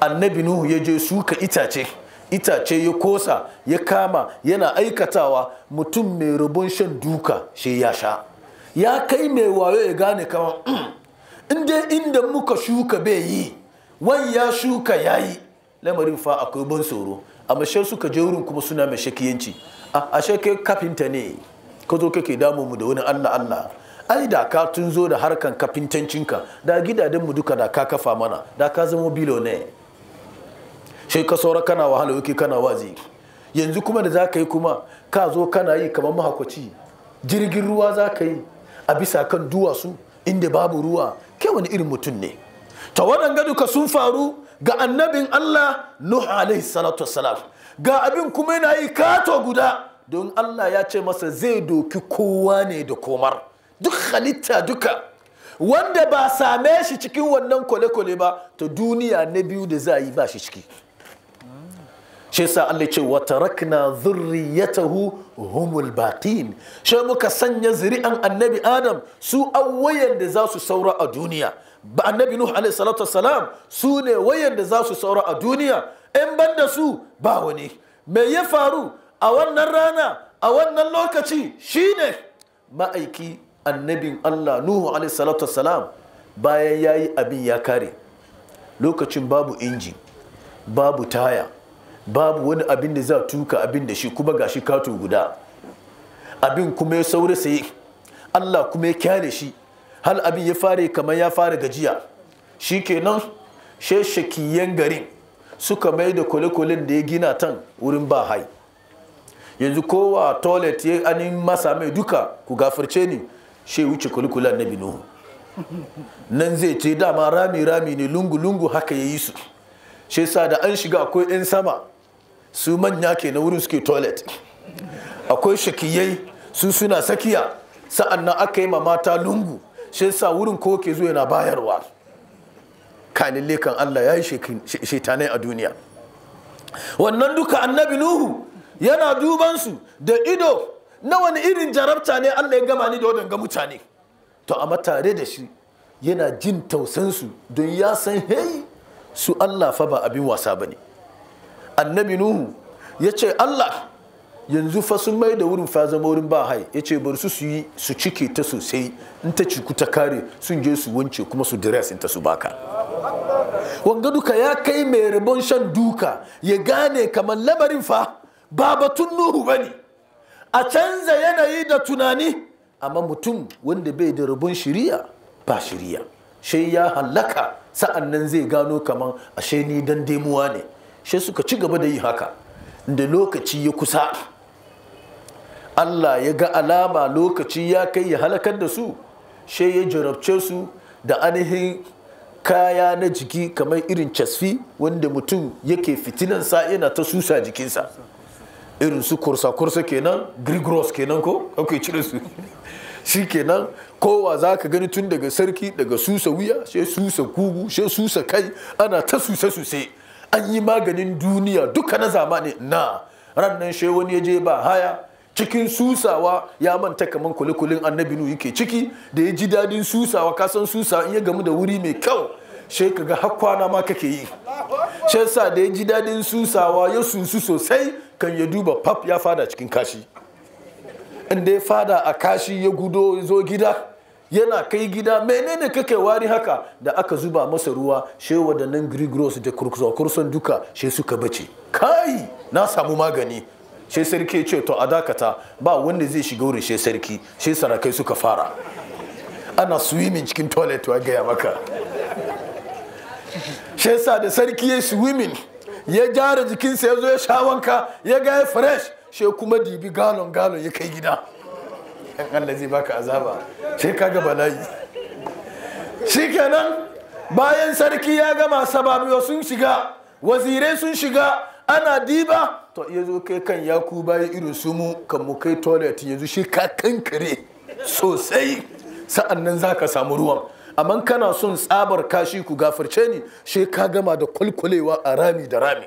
annabi nuhu ya je suka itace itace ya kosa ya kama yana aikatawa mutum mai rabon shan duka shi ya sha ya kai mai wayo ya gane kama hmm, inda inda muka shuka bai yi wani ya shuka ya yi lamarin fa akwai ban tsoro amma shan suka je wurin kuma suna mai shakiyanci a shake kafinta ne ka zo kake damu mu da wani allah allah ai da ka tun zo da harkan kafintancinka da gidajen mu duka da ka kafa mana da ka zama bilo ne shi ka saura kana wahala yake kana wazi yanzu kuma da zaka yi kuma ka zo kana yi kamar mahakwaci jirgin ruwa zaka yi a bisa kan duwatsu inda babu ruwa kai wani irin mutum ne ta waɗanga duka sun faru ga annabin Allah Nuhu alaihi salatu wassalam ga abin kuma yana yi kato guda don Allah ya ce masa zai doki kowa ne da komar duk halitta duka wanda ba same shi cikin wannan kwale-kwale ba ta duniya na biyu da za a yi ba shi ciki shi sa Allah ce wa tarakna zurriyatahu humul baqin shi muka sanya zuri'an annabi adam su awwayan da za su saura a duniya ba annabi nuhu alaihi salatu wassalam su ne wayanda za su saura a duniya in ban da su ba wani me ya faru a wannan rana a wannan lokaci shine ma'aiki annabin Allah nuhu alaihi salatu wassalam bayan ya yi abin ya kare lokacin babu inji babu taya babu wani abin da za tuka abin da shi kuma ga shi kato guda abin kuma ya saura yi Allah kuma ya kyale shi hal abin ya fare kamar ya fara gajiya shi kenan she garin suka mai da kwale-kwalen da ya gina tan wurin ba bahai yanzu kowa toilet ya anin masa mai duka ku gafarce ni she wuce kwale na binuhu nan zai ce dama rami-rami ne lungu-lungu haka ya yi su shi sa da an shiga akwai 'yan sama su manya ke na wurin suke toilet akwai shakiyai su suna tsakiya sa'an nan aka yi ma mata lungu shi sa wurin ko ke zuwa yana bayarwa kanin lekan Allah ya yi shetanai a duniya wannan duka annabi nuhu yana dubansu da ido na wani irin jarabta ne Allah ya gama ni da wadanga mutane to a matare da shi yana jin tausansu don ya san hey su Allah fa ba abin wasa ba ne. annabi nuhu ya ce Allah yanzu fa sun mai da wurin fa zama wurin ba hai ya ce bari su su yi su cike ta sosai in ta ciku ta kare sun je su wance kuma su dress in ta su baka wanga duka ya kai mai rabon shan duka ya gane kamar labarin fa ba batun nuhu ba ne a canza yanayi da tunani amma mutum wanda bai da rabon shiriya ba shiriya shai ya halaka sa'an nan zai gano kamar ashe ni dan demuwa ne shai suka ci gaba da yi haka da lokaci ya kusa Allah ya ga alama lokaci ya kai ya halakar da su shi ya jarabce su da ainihin kaya na jiki kamar irin casfi wanda mutum yake fitinansa yana ta susa jikinsa irin su kursa-kursa kenan grigros kenan ko ok cire su shi kenan kowa za ka gani tun daga sarki daga susa wuya sai susa kugu sai susa kai ana ta susa suse an yi maganin duniya duka na zamani na ran nan shi wani ya je ba haya cikin susawa ya manta kaman kulikulin annabi nu yake ciki da ya ji dadin susawa kasan susa in ya gamu da wuri mai kyau she ka ga hakwana ma kake yi shan sa da ya ji dadin susawa ya susu sosai kan ya duba pap ya fada cikin kashi inda ya fada a kashi ya gudo zo gida yana kai gida menene kake wari haka da aka zuba masa ruwa shi wadannan grigros da kurkusa duka shi suka bace kai na samu magani she sarki ce to a dakata ba wanda zai shiga wurin she sarki she sarakai suka fara ana swimming cikin toilet wa gaya maka she sa da sarki ya swimming ya gyara jikinsa ya zo ya sha wanka ya ga fresh she kuma dibi galon galon ya kai gida yan Allah zai baka azaba she kaga bala'i shikenan bayan sarki ya gama sababiyo sun shiga wazirai sun shiga ana diba to ya zo kai kan ya ku bayi irin su mu kan mu kai toilet yanzu shi ka kankare sosai sa'an nan za ka samu ruwan amma kana son tsabar kashi ku gafarce ni shi ka gama da kwalkwalewa a rami da rami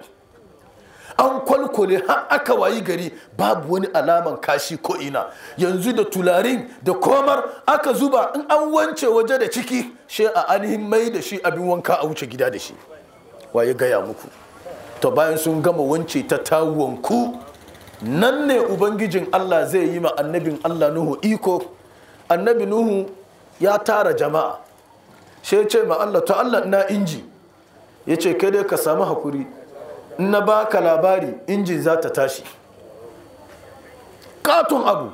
an kwalkwale har aka wayi gari babu wani alaman kashi ko ina yanzu da tularin da komar aka zuba in an wance waje da ciki shi a ainihin mai da shi abin wanka a wuce gida da shi waye gaya muku To bayan sun gama wance ta tawonku nan ne ubangijin allah zai yi ma annabin allah nuhu iko annabi nuhu ya tara jama'a shi ce ma allah to allah na inji ya ce kai dai ka samu hakuri na baka labari inji za ta tashi katon abu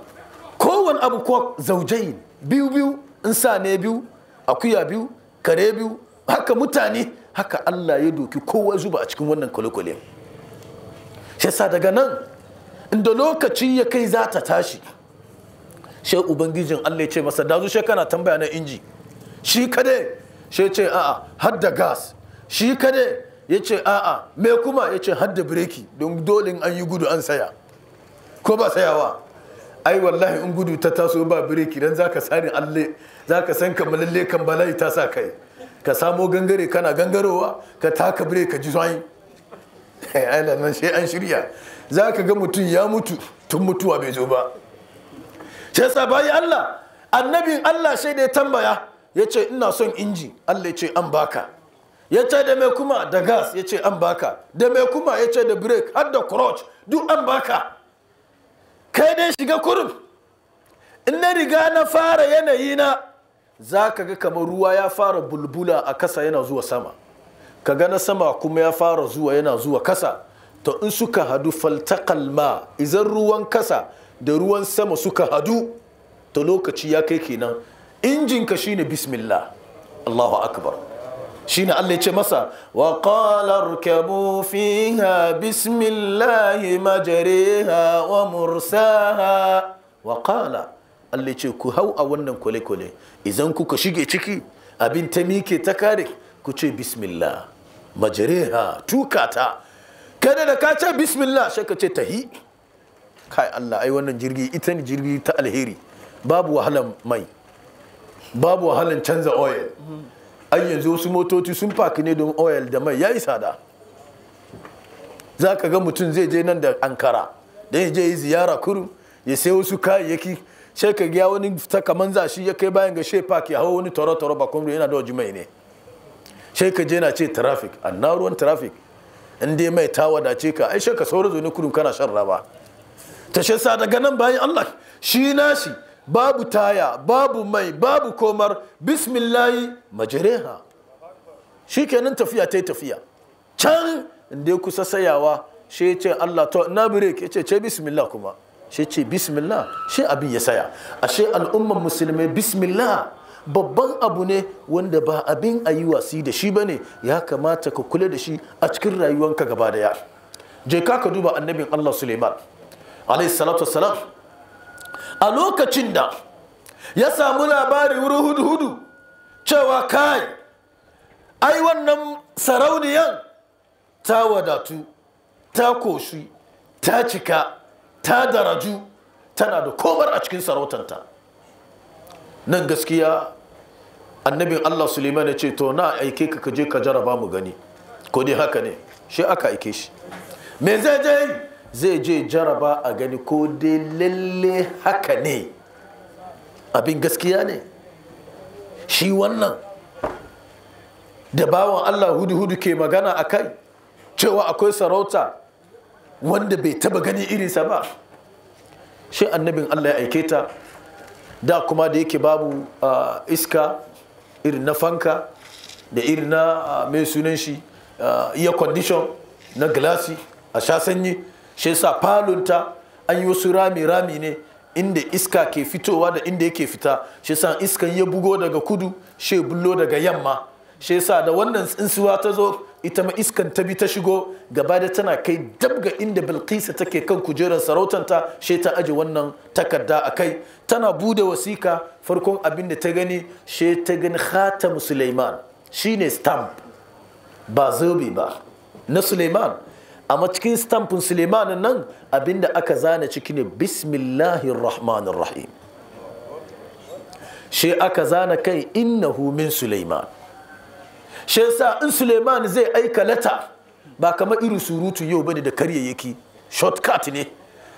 kowane abu ko zaujai biyu biyu in sa ne biyu akuya biyu kare biyu haka mutane haka Allah ya doki kowa zuba a cikin wannan kwale-kwale shi sa daga nan inda lokaci ya kai za ta tashi shi ubangijin Allah ya ce masa dazu shi kana tambaya na inji shi kade shi ce a'a har da gas shi kade ya ce a'a me kuma ya ce har da bireki don dolin an yi gudu an saya ko ba sayawa ai wallahi in gudu ta taso ba bireki dan zaka sani Allah zaka san kamar lalle kan bala'i ta sa kai ka samo gangare kana gangarowa ka taka bire ka ji sai eh, ai nan sai an shirya za ka ga mutum ya mutu tun mutuwa bai zo ba sai sa bayi Allah annabin Allah sai da ya tambaya ya ce ina son inji Allah ya ce an baka ya ce da mai kuma da gas ya ce an baka da mai kuma ya ce da break har da crotch duk an baka kai dai shiga kurum in na riga na fara yanayi na za ka ga kamar ruwa ya fara bulbula a kasa yana zuwa sama ka ga na sama kuma ya fara zuwa yana zuwa kasa ta in suka hadu faltakal ma izan ruwan kasa da ruwan sama suka hadu ta lokaci ya kai kenan injinka shine bismillah Allahu akbar shine Allah ya ce masa wa qala irkabu fiha bismillahi majriha wa mursaha wa qala Allah ce ku hau a wannan kwale-kwale idan kuka shige ciki abin ta mike ta kare ku ce bismillah majariha tukata kada da ka ce bismillah sai ka ce tahi kai Allah ai wannan jirgi ita ne jirgi ta alheri babu wahalan mai babu wahalan canza oil ai yanzu wasu motoci sun faki ne don oil da mai yayi sada za ka ga mutum zai je nan da ankara dan ya je yi ziyara kurum ya sai wasu kayayyaki sai ka ga wani fita kaman zashi ya kai bayan ga she park ya hawo wani toro toro ba kuma yana da jimai ne sai ka je na ce traffic anna ruwan traffic in dai mai ta wadace ka ai ka saura zo ne kudin kana shan raba ta shi sa daga nan bayan Allah shi nashi babu taya babu mai babu komar bismillahi majareha shi kenan tafiya ta yi tafiya can inda ya kusa sayawa shi ya ce Allah to na bire ya ce ce bismillah kuma shi ce bismillah shi abin ya saya ashe al'umman musulmai bismillah babban abu ne wanda ba abin a yi wasi da shi bane ya kamata ka kula da shi a cikin rayuwanka gaba daya je ka ka duba annabin Allah Suleiman alayhi salatu a lokacin da ya samu labari wurin hudu-hudu cewa kai ai wannan sarauniyan ta wadatu ta koshi ta cika ta daraju tana da komar a cikin sarautanta nan gaskiya annabin allah suleiman ya ce to na aike ka kaje ka jaraba mu gani ko dai haka ne shi aka aike shi me zai je zai je jaraba a gani ko dai lalle haka ne abin gaskiya ne shi wannan da bawan allah hudu-hudu ke magana a kai cewa akwai sarauta wanda bai taba gani irinsa ba shi annabin Allah ya aike ta da kuma da yake babu iska irin na fanka da irin na mai sunan shi iya condition na glasi a sha sanyi shi sa falonta an yi wasu rami-rami ne inda iska ke fitowa da inda yake fita shi sa iskan ya bugo daga kudu shi bullo daga yamma shi sa da wannan tsinsuwa ta zo ita ma iskan ta bi ta shigo gaba da tana kai dab ga inda bilkisa take kan kujerar sarautanta shi ta aje wannan takarda a kai tana bude wasika farkon abin da ta gani shi ta gani khatam suleiman ne stamp ba zobe ba na suleiman amma cikin stampin suleiman nan abin da aka zana ciki ne bismillahir shi she aka zana kai innahu min suleiman shi yasa in Suleiman zai aika lata ba kamar irin surutu yau bane da karyayyaki shortcut ne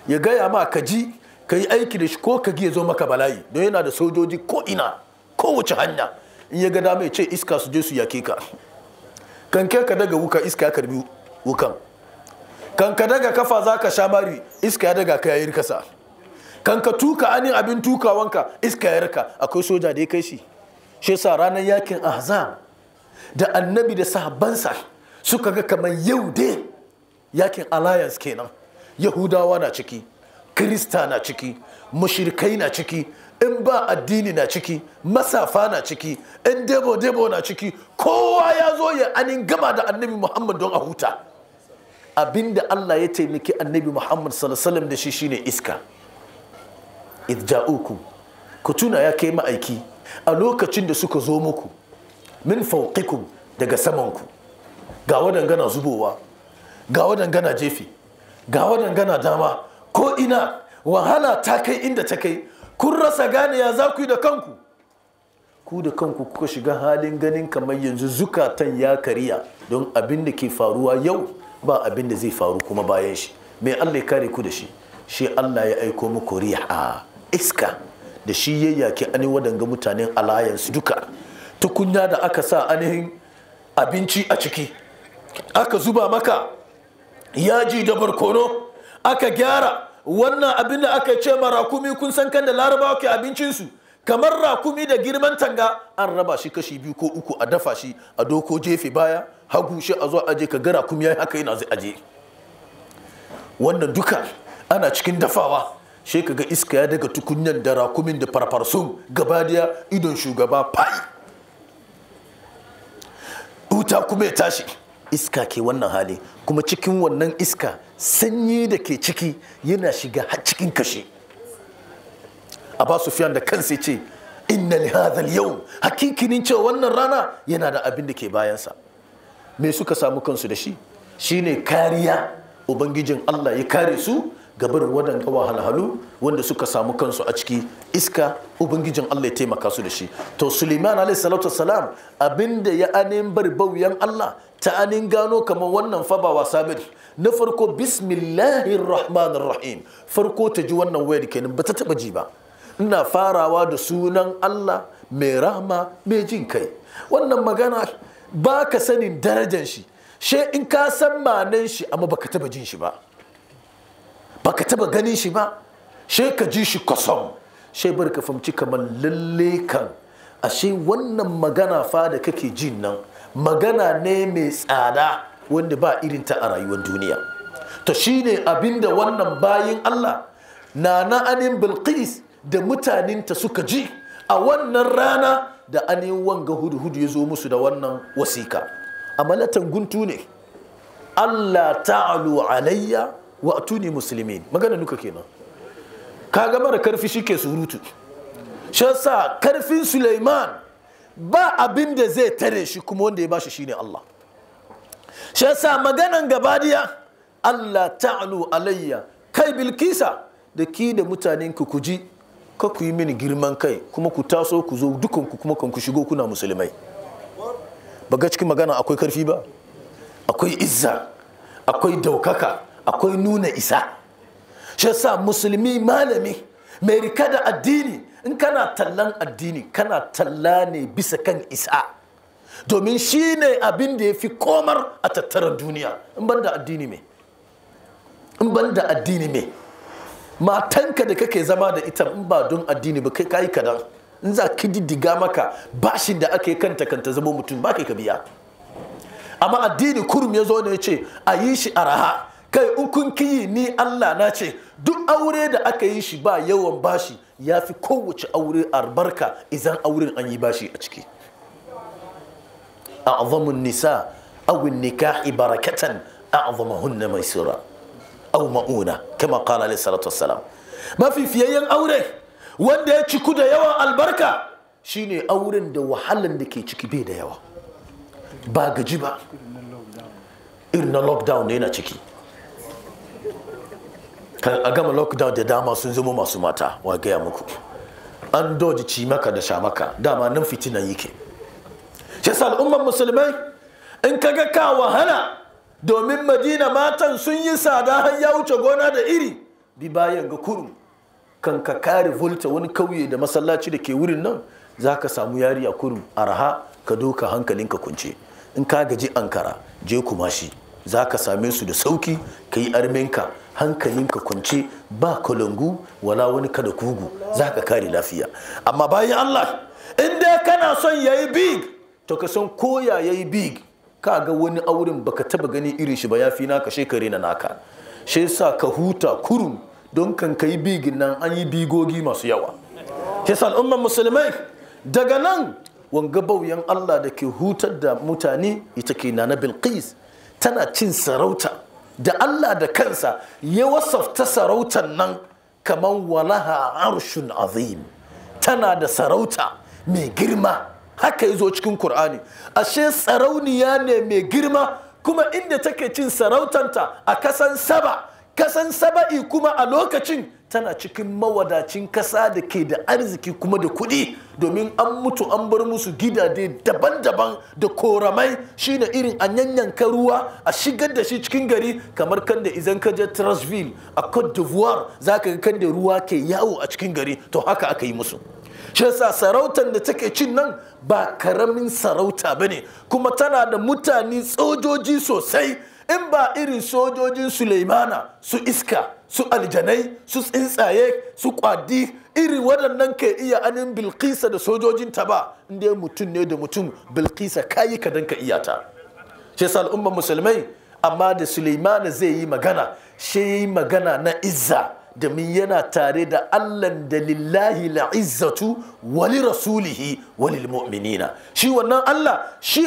ya gaya ma ka ji ka yi aiki da shi ko ka ya zo maka bala'i don yana da sojoji ko ina ko kowace hanya in ya ga mai ce iska su je su yake ka kan ka daga wuka iska ya karbi wukan kan ka daga kafa za ka sha mari iska ya daga ka yayi kasa kan ka tuka anin abin tukawanka iska ya rika akwai soja da ya kai shi shi sa ranar yakin ahzan da annabi da sahabbansa suka ga kamar yau dai yakin alliance kenan yahudawa na ciki krista na ciki mushirikai na ciki in ba addini na ciki masafa na ciki in debo debo na ciki kowa ya zo ya anin gama da annabi muhammad don a huta abinda allah ya taimaki annabi muhammad sallallahu da shi shine iska idja'uku ku tuna ya kai ma'aiki a lokacin da suka zo muku min fauqikum daga samanku ga wadangana zubowa ga wadangana jefi ga wadangana dama ko ina wahala ta kai inda ta kai kun rasa gane za ku yi da kanku ku da kanku kuka shiga halin ganin kamar yanzu zukatan ya kariya don abin da ke faruwa yau ba abin da zai faru kuma bayan shi mai allah ya kare ku da shi shi allah ya aiko muku riha iska da shi ya yaki ani wadanga mutanen alayansu duka tukunya da aka sa ainihin abinci a ciki aka zuba maka yaji da barkono aka gyara wannan abin da aka ce ma rakumi kun san kan da larabawa ke abincinsu kamar rakumi da girman tanga an raba shi kashi biyu ko uku a dafa shi a doko jefe baya hagu shi a zo aje ka ga rakumi ya haka yana zai aje wannan duka ana cikin dafawa shi ka ga iska ya daga tukunyan da rakumin da farfarsun gabadiya idon shugaba fai huta kuma ya tashi iska ke wannan hali kuma cikin wannan iska sanyi da ke ciki yana shiga har cikin a basu Sufyan da kansa ce inna li hadhal yau hakikinin cewa wannan rana yana da abin da ke bayansa me suka samu kansu da shi shine kariya ubangijin Allah ya kare su gabar waɗanda wahalhalu wanda suka samu kansu a ciki iska ubangijin Allah ya taimaka su da shi to Suleiman alayhi salatu wassalam abinda ya anin bar bauyan Allah ta anin gano kamar wannan fa ba wasa na farko bismillahir rahmanir rahim farko ta ji wannan wayar kenan ba ta taba ji ba ina farawa da sunan Allah mai rahma mai jin kai wannan magana baka ka sanin darajar shi she in ka san manan shi amma baka taba jin shi ba baka taba ganin shi ba shi ka ji shi kwasom shi bari ka famci kamar lalle kan A ashe wannan magana fa da kake ji nan magana ne mai tsada wanda ba irin ta a rayuwar duniya to shine da wannan bayin Allah nana anin bilqis da mutaninta suka ji a wannan rana da anin wanga hudu-hudu ya zo musu da wannan wasika a guntu ne Allah ta'alu alayya wa atuni musulmin magana nuka kenan kaga mara karfi shike surutu shi sa karfin Suleiman ba abin da zai tare shi kuma wanda ya bashi shine Allah shi sa maganan gabadiya Allah ta'alu alayya kai bilkisa da ki da mutanen ku kuji ka ku yi mini girman kai kuma ku taso ku zo dukanku kuma kan ku shigo kuna musulmai Ba ga cikin magana akwai karfi ba akwai izza akwai daukaka akwai nuna isa shi sa musulmi malami mai rika da addini in kana tallan addini kana talla ne bisa kan isa domin shi ne abin da ya fi komar a tattarar duniya in ban da addini mai in ban da addini mai matanka da kake zama da ita in ba don addini ba kai kayi kadan in za ki diddiga maka bashin da ake kanta kanta zama mutum ba kai ka biya amma addini kurum ya zo ne ya ce a yi shi araha kai ukun kiyi ni Allah na ce duk aure da aka yi shi ba yawan bashi ya fi kowace aure albarka idan auren an yi bashi a ciki a'zamun nisa awin nikahi barakatan mai sura aw ma'una kama qala alayhi salatu wassalam mafi fiyayyen aure wanda ya ciku da yawan albarka shine auren da wahalan da ke ciki bai da yawa ba gaji ba irin na lockdown ne na ciki a gama lockdown da dama sun zama masu mata wa gaya muku an doji ci maka da sha maka dama nan fitina yake shi yasa al'ummar musulmai in ka ga ka wahala domin madina matan sun yi sada har ya wuce gona da iri bi bayan ga kurum kan ka kare volta wani kauye da masallaci da ke wurin nan za ka samu yari a kurum arha ka doka ka kunce in ka gaji ankara je kumashi za ka same su da sauki ka yi arminka hankalin ka kwance ba kalangu wala wani kada kugu za ka kare lafiya amma bayan Allah in dai kana son yayi big to ka san koya yayi big ka ga wani auren baka taba gani irin shi ba yafi naka shekare na naka shi yasa ka huta kurum don kan kai big nan an yi bigogi masu yawa kisa al'ummar musulmai daga nan wanga bauyan Allah da ke hutar da mutane ita ke na na Bilqis tana cin sarauta da Allah da kansa ya wasafta sarautar nan kamar walaha arshun azim tana da sarauta mai girma haka ya zo cikin Kur'ani ashe sarauniya ne mai girma kuma inda take cin sarautanta a kasan saba kasan saba'i kuma a lokacin tana cikin mawadacin kasa da ke da arziki kuma da kuɗi domin an mutu an bar musu gidaje daban-daban da koramai shine irin a yanyanka ruwa a shigar da shi cikin gari kamar kan da izan ka je Trashville a Cote d'Ivoire zaka ga kan da ruwa ke yawo a cikin gari to haka aka yi musu shi yasa sarautar da take cin nan ba karamin sarauta bane kuma tana da mutane sojoji sosai in ba irin sojojin sulaimana su iska su aljanai su tsintsaye su kwadi iri waɗannan ke iya anin bilkisa da sojojinta ba inda mutum ne da mutum bilkisa kayi ka dan ka iya ta shi yasa al'umman musulmai amma da suleimana zai yi magana shi yi magana na izza da domin yana tare da allan da lillahi la izzatu wali rasulihi wali mu'minina shi wannan allah shi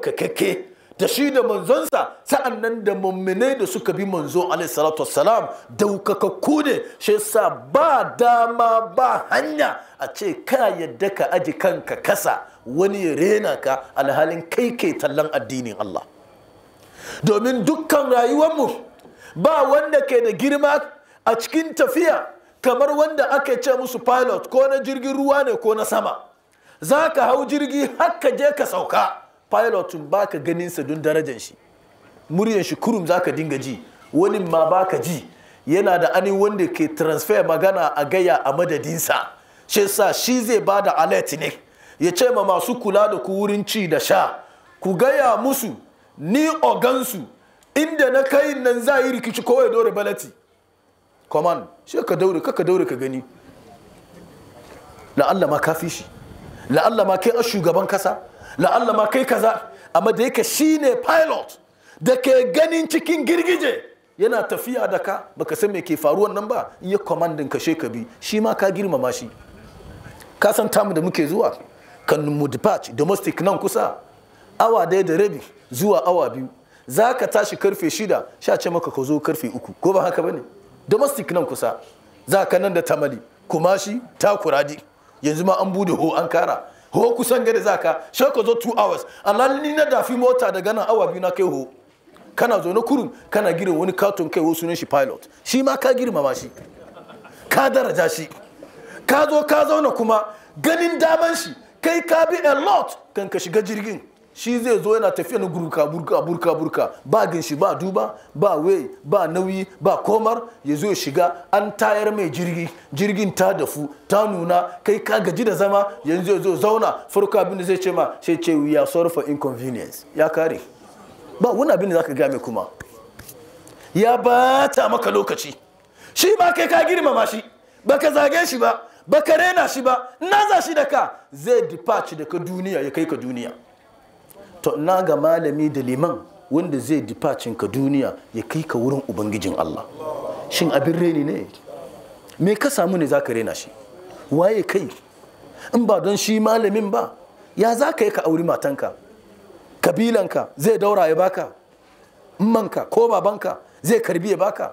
kakeke. da shi da manzonsa sa'an nan da mummune da suka bi manzo alaihissalatu wassalam daukakakku ne shi sa ba dama ba hanya a ce ka yadda ka aji kanka kasa wani ya rena ka alhalin kai ke tallan addinin Allah domin dukkan rayuwarmu ba wanda ke da girma a cikin tafiya kamar wanda aka ce musu pilot ko na jirgin ruwa ne ko na sama za ka hau jirgi har ka je ka sauka ba ka ganin sa don darajan shi muryan shi kurum za ka dinga ji wani ma ba ka ji yana da ani wanda ke transfer magana a gaya a madadinsa shi sa shi zai ba da alert ne ya ce ma masu kula da ku wurin ci da sha ku gaya musu ni ogansu inda na kai nan za yi rikici ko kowai dore balati command shi ka daure ka daure ka gani la'alla ma fi shi la'alla ma kai a shugaban kasa la'alla ma kai kaza amma da yake shine pilot da ke ganin cikin girgije yana tafiya da ka baka san me ke faruwan nan ba iya kwamandin ka ka bi shi ma ka girmama shi ka san tamu da muke zuwa kan mu dispatch domestic nan kusa awa daya da rabi zuwa awa biyu za ka tashi karfe shida sha ce maka ka zo karfe uku ko ba haka bane domestic nan kusa za ka nan da tamali kumashi takuradi yanzu ma an bude ho an kara ho kusan gari za ka shi ka zo 2 hours Allah ni na dafi mota daga nan awa biyu na kai ho kana zo na kurum kana gire wani katon kai wasu shi pilot shi ma ka girmama shi ka daraja shi ka zo ka zauna kuma ganin daman shi kai ka bi a lot kan ka shiga jirgin shi zai zo yana tafiya na gurka burka burka burka ba ginshi ba duba ba wai ba nauyi ba komar ya zo shiga an tayar mai jirgi jirgin ta dafu ta nuna kai ka gaji da zama yanzu ya zo zauna farko abin zai ce ma sai ce we are sorry for inconvenience ya kare ba wani abin da zaka ga mai kuma ya bata maka lokaci shi ba kai ka girmama shi baka zage shi ba baka rena shi ba na za shi da ka zai dipaci da ka duniya ya kai ka duniya to na ga malami da liman wanda zai cin ka duniya ya kai ka wurin ubangijin Allah shin abin reni ne me ka samu ne zaka rena shi waye kai in ba don shi malamin ba ya za ka yi ka auri matanka kabilanka zai daura ya baka manka ko babanka zai karbi ya baka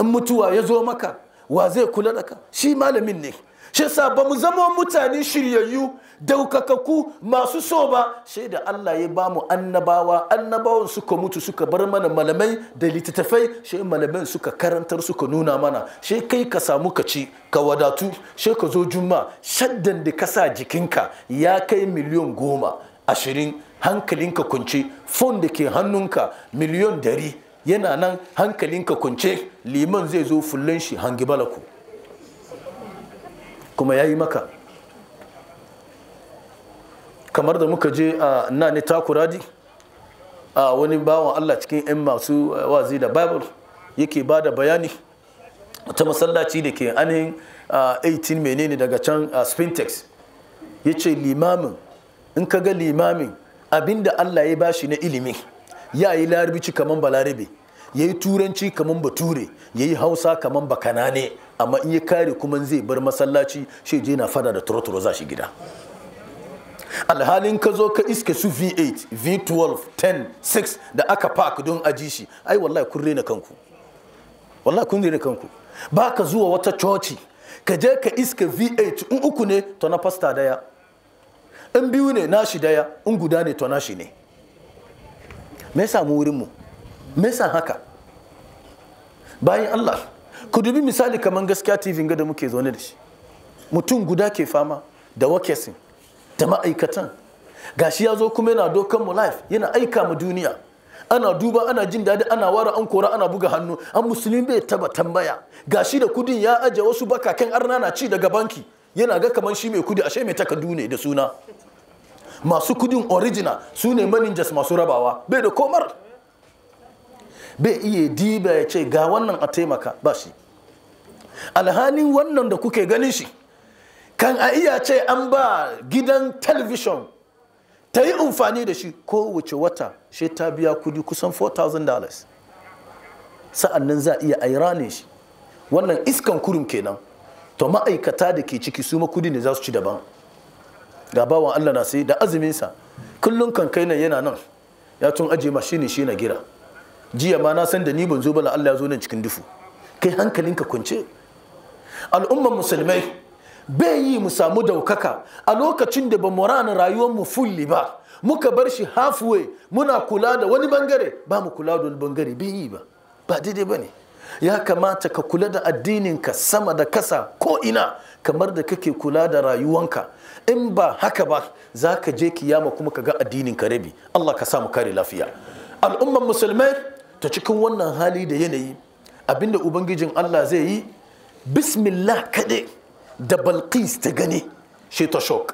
in mutuwa ya zo maka wa zai kula da ka shi malamin ne shi sa ba mu zama mutane shiryayyu daukakaku masu so ba sai da Allah ya ba mu annabawa annabawan suka mutu suka bar mana malamai da littattafai sai malamai suka karantar suka nuna mana sai kai ka samu ka ci ka wadatu sai ka zo juma shaddan da ka sa jikinka ya kai miliyon goma ashirin hankalinka kunce fon da ke hannunka miliyon dari yana nan hankalinka kunce liman zai zo fullan shi hangi balaku kuma ya yi maka kamar da muka je a nani takuradi a wani bawan allah cikin 'yan masu eh, wazi da bible yake ba da bayani ta masallaci da ke ainihin 18 menene daga can spintex ya ce limamin in ka ga limamin abinda allah ya bashi na ilimi ya yi larabici kamar balarabe ya yi turanci kamar bature ya yi hausa kamar bakanane amma in ya kare kuma zai bar masallaci shi je na fada da turoturo za shi gida alhalin ka zo ka iske su v8 v12 10 6 da aka park don aji shi ai wallahi kun rena kanku wallahi kun rena kanku ba ka zuwa wata coci ka je ka iske v8 in uku ne to na fasta daya in biyu ne nashi daya in guda ne to nashi ne me yasa mu wurin mu me yasa haka bayan Allah ku dubi misali kamar gaskiya tv ga da muke zaune da shi mutum guda ke fama da wakesin da ma'aikatan gashi ya zo kuma yana dokan mu life yana aika mu duniya ana duba ana jin daɗi ana wara an kora ana buga hannu an musulmi bai taba tambaya gashi da kudin ya aje wasu bakaken arna na ci daga banki yana ga kamar shi mai kudi ashe mai takardu ne da suna masu kudin original su ne managers masu rabawa bai da komar bai iya diba ya ce ga wannan a taimaka ba shi alhalin wannan da kuke ganin shi kan a iya ce an ba gidan television ta yi amfani da shi kowace wata shi ta biya kudi kusan $4,000 nan za a iya airane shi wannan iskan kurum kenan to ma'aikata da ke ciki su kudi ne za su ci daban ga bawan Allah na sai da azuminsa kullum kan kai nan yana nan ya tun aje ma ne shi na gira jiya ma na san da ni ban zo ba Allah ya zo nan cikin dufu kai hankalinka kwance al'ummar musulmai bai yi mu samu daukaka a lokacin da ba mu rana rayuwar mu fulli ba muka bar shi halfway muna kula da wani bangare ba mu kula da wani bangare bai yi ba ba daidai ba ne ya kamata ka kula da addininka sama da kasa ko ina kamar da kake kula da rayuwanka in ba haka ba za ka je kiyama kuma ka ga addinin ka rabi Allah ka samu kare lafiya al'ummar musulmai ta cikin wannan hali da yanayi abinda ubangijin Allah zai yi bismillah kaɗai da balkis ta gani shi ta shok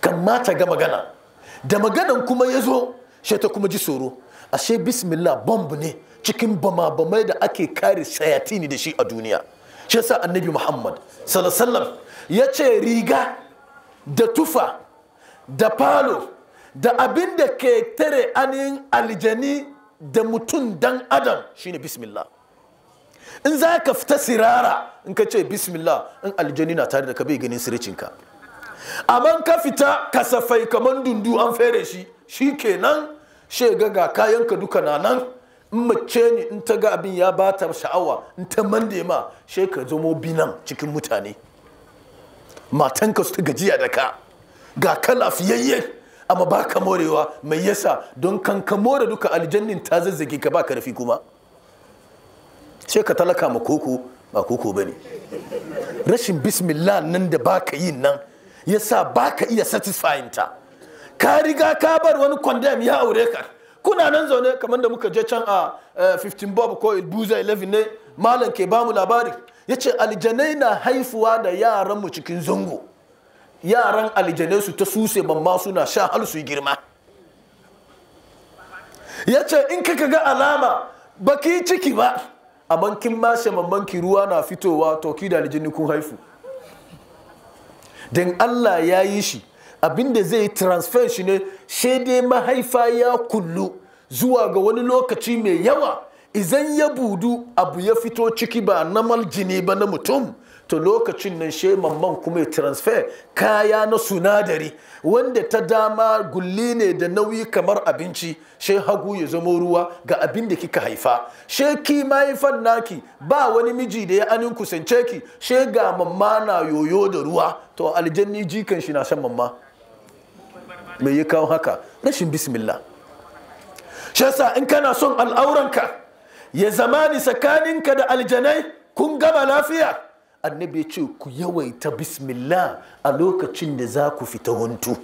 kan ma ta ga magana da maganan kuma ya zo shi ta kuma ji tsoro ashe bismillah bomb ne cikin bama-bamai da ake kare sayatini da shi a duniya shi sa annabi muhammad sallallahu ya ce riga da tufa da falo da abin da ke tare anin aljani da mutum dan adam shine bismillah in za ka fita sirara in ka ce bismillah in aljani na tare da ka bai ganin siricinka amma ka fita kasafai kamar dundu an fere shi shi kenan she ga ga ka duka na nan in mace ni in ta ga abin ya bata sha'awa in ta mande ma she ka zamo binan cikin mutane matanka su ta gajiya da ka ga ka lafiyayye amma ba morewa mai yasa don kan ka more duka aljannin ta zazzage ka ba ka rafi kuma sai ka talaka ma koko ba koko ba ne rashin bismillah nan da baka yi nan ya sa baka iya satisfying ta ka riga ka bar wani condemn ya aure ka kuna nan zaune kamar da muka je can a 15 eh, bob ko ilbuza 11 ne malam ke ba mu labari ya ce aljanai na haifuwa da yaran mu cikin zango yaran aljanai su ta suse mamma suna sha hal su girma ya ce in kaka ga alama baki ciki ba amma kin mashe banki ruwa na fitowa to ki da aljini kun haifu don Allah ya yi shi da zai transfer shi ne dai mahaifa ya kullu zuwa ga wani lokaci mai yawa izan ya budu abu ya fito ciki ba na maljini ba na mutum to lokacin nan shi mamman kuma ya transfer kaya na sunadari wanda ta dama gulli ne da nauyi kamar abinci shi hagu ya zama ruwa ga abin da kika haifa shi ki mahaifan naki ba wani miji da ya anin kusance ki shi ga mamma na yoyo da ruwa to aljanni jikan shi na san mamma me ya kawo haka rashin bismillah shi yasa in kana son al'auranka ya zama ni tsakaninka da aljanai kun gama lafiya annabi ya ce ku yawaita bismillah a lokacin da za ku fita huntu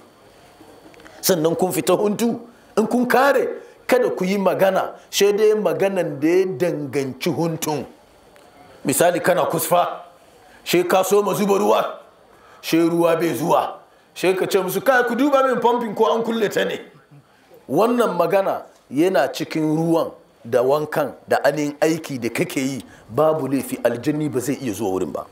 sannan kun fita huntu in kun kare kada ku yi magana sai dai maganan da ya danganci huntun misali kana kusfa shi ka so ma zuba ruwa shi ruwa bai zuwa shi ka ce musu kai ku duba min famfin ko an kulle ta ne wannan magana yana cikin ruwan da wankan da anin aiki da kake yi babu laifi aljanni ba zai iya zuwa wurin ba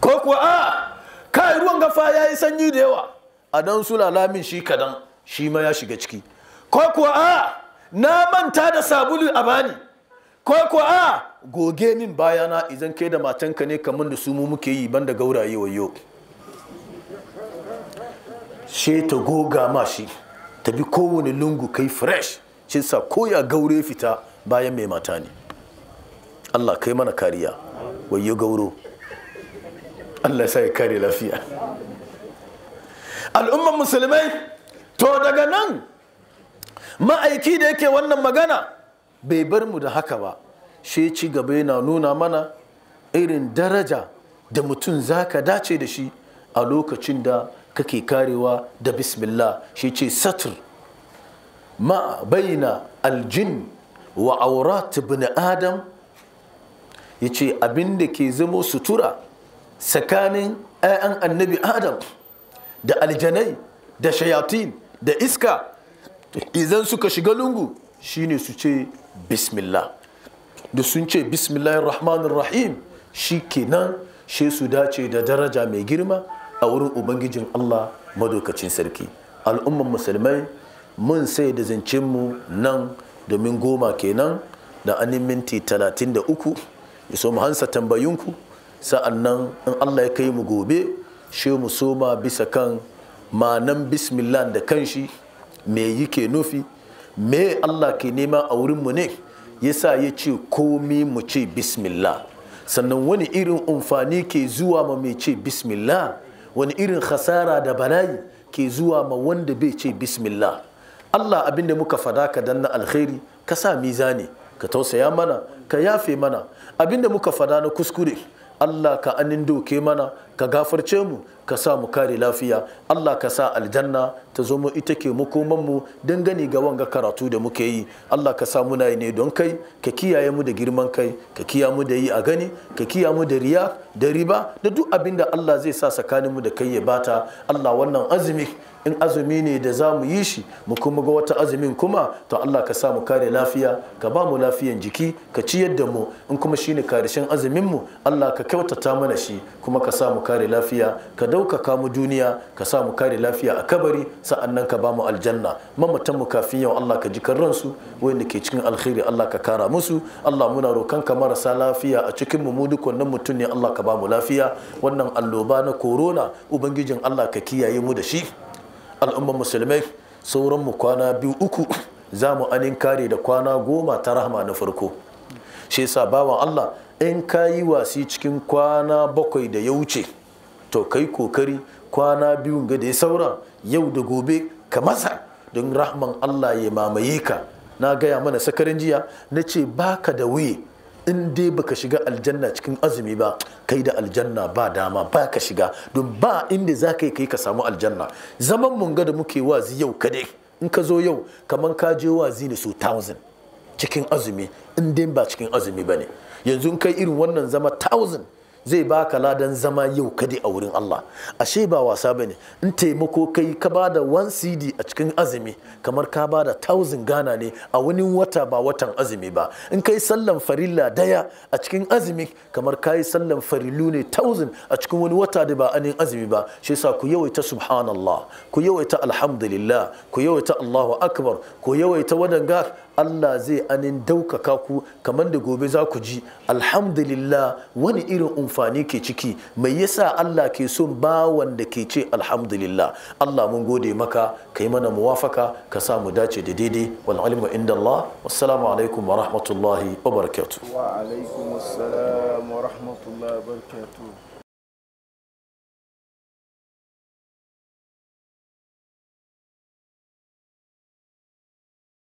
ko kuwa a kai ruwan gafa ya yi sanyi da yawa a don suna lamin shi kadan shi ma ya shiga ciki ko kuwa a na manta da sabulu a bani ko kuwa a goge min bayana idan kai da matanka ne kamar da su mu muke yi banda gauraye wayo she ta goga ma shi ta bi kowane lungu kai fresh shi sa koya gaure fita bayan mai mata ne Allah kai mana kariya wai ya gauro Allah sai kare lafiya al'umman musulmai to daga nan ma'aiki da yake wannan magana bai bar mu da haka ba shi ci gaba yana nuna mana irin daraja da mutum za ka dace da shi a lokacin da kake karewa da bismillah shi ce satur ma baina aljin wa aurat ibn adam yace abin da ke zamo sutura tsakanin ayan annabi adam da aljanai da shayatin da iska idan suka shiga lungu shine su ce bismillah da sun ce bismillahir rahmanir rahim shi kenan shi su dace da daraja mai girma a wurin ubangijin allah madaukacin sarki al'umman musulmai mun sai da zancenmu nan domin goma kenan da anin minti talatin da uku ya mu hansa tambayinku sa'an nan in allah ya kai mu gobe shi mu soma bisa kan manan bismillah da kanshi me yake nufi me allah ke nema a wurinmu ne ya sa ya ce komi mu ce bismillah sannan wani irin umfani ke zuwa ma mai ce bismillah wani irin khasara da bala'i ke zuwa ma wanda bai ce bismillah Allah abin da muka fada ka danna alkhairi ka sa mizani ka tausaya mana ka yafe mana abin da muka fada na kuskure Allah ka anin doke mana ka gafarce mu ka sa mu kare lafiya Allah ka sa aljanna ta zo mu ita ke makoman mu dangane ga wanga karatu da muke yi Allah ka sa muna yi ne don kai ka kiyaye mu da girman kai ka kiya mu da yi a gani ka kiya mu da riya da riba da duk abin da Allah zai sa tsakanin mu da kai ya bata Allah wannan azumi in azumi ne da za mu yi shi mu kuma ga wata azumin kuma to Allah ka sa mu kare lafiya ka ba mu lafiyan jiki ka ciyar da mu in kuma shine karshen azumin mu Allah ka kyautata mana shi kuma ka sa mu kare lafiya ka ɗaukaka mu duniya ka sa mu kare lafiya a kabari sa'annan ka ba mu aljanna mamatan mu kafin yau Allah ka ji ransu wanda ke cikin alkhairi Allah ka kara musu Allah muna rokan ka marasa lafiya a cikin mu duk wannan mutum ne Allah ka ba mu lafiya wannan alloba na corona ubangijin Allah ka kiyaye mu da shi al'umman musulmai sauran mu kwana biyu uku za mu anin kare da kwana goma ta rahama na farko shi yasa bawan Allah in ka yi wasi cikin kwana bakwai da ya wuce to kai kokari kwana biyun ga da ya saura yau da gobe ka masa don rahman Allah ya mamaye ka na gaya mana sakarin jiya na ce baka da wuye in dai baka shiga aljanna cikin azumi ba kai da aljanna ba dama ba ka shiga don ba inda za ka yi kai ka samu aljanna zaman mun ga da muke wazi yau kadai in ka zo yau kamar ka je wazi ne su thousand cikin azumi in dai ba cikin azumi ba ne yanzu in kai irin wannan zama thousand zai baka ladan zama yau kadi a wurin Allah ashe ba wasa bane in taimako kai ka ba da 1 CD a cikin azumi kamar ka bada 1000 gana ne a wani wata ba watan azumi ba in kai sallan farilla daya a cikin azumi kamar kai sallan farilu ne 1000 a cikin wani wata da ba anin azumi ba shi yasa ku yawaita subhanallah ku yawaita alhamdulillah ku yawaita Allahu akbar ku yawaita wadanga Allah zai anin daukaka ku kamar da gobe za ku ji alhamdulillah wani irin umfani ke ciki mai yasa Allah ke son ba wanda ke ce alhamdulillah Allah mun gode maka kai mana muwafaka ka sa mu dace da daidai wal ilmu inda Allah wassalamu alaikum wa rahmatullahi wa barakatuh wa alaikum assalam wa rahmatullahi wa barakatuh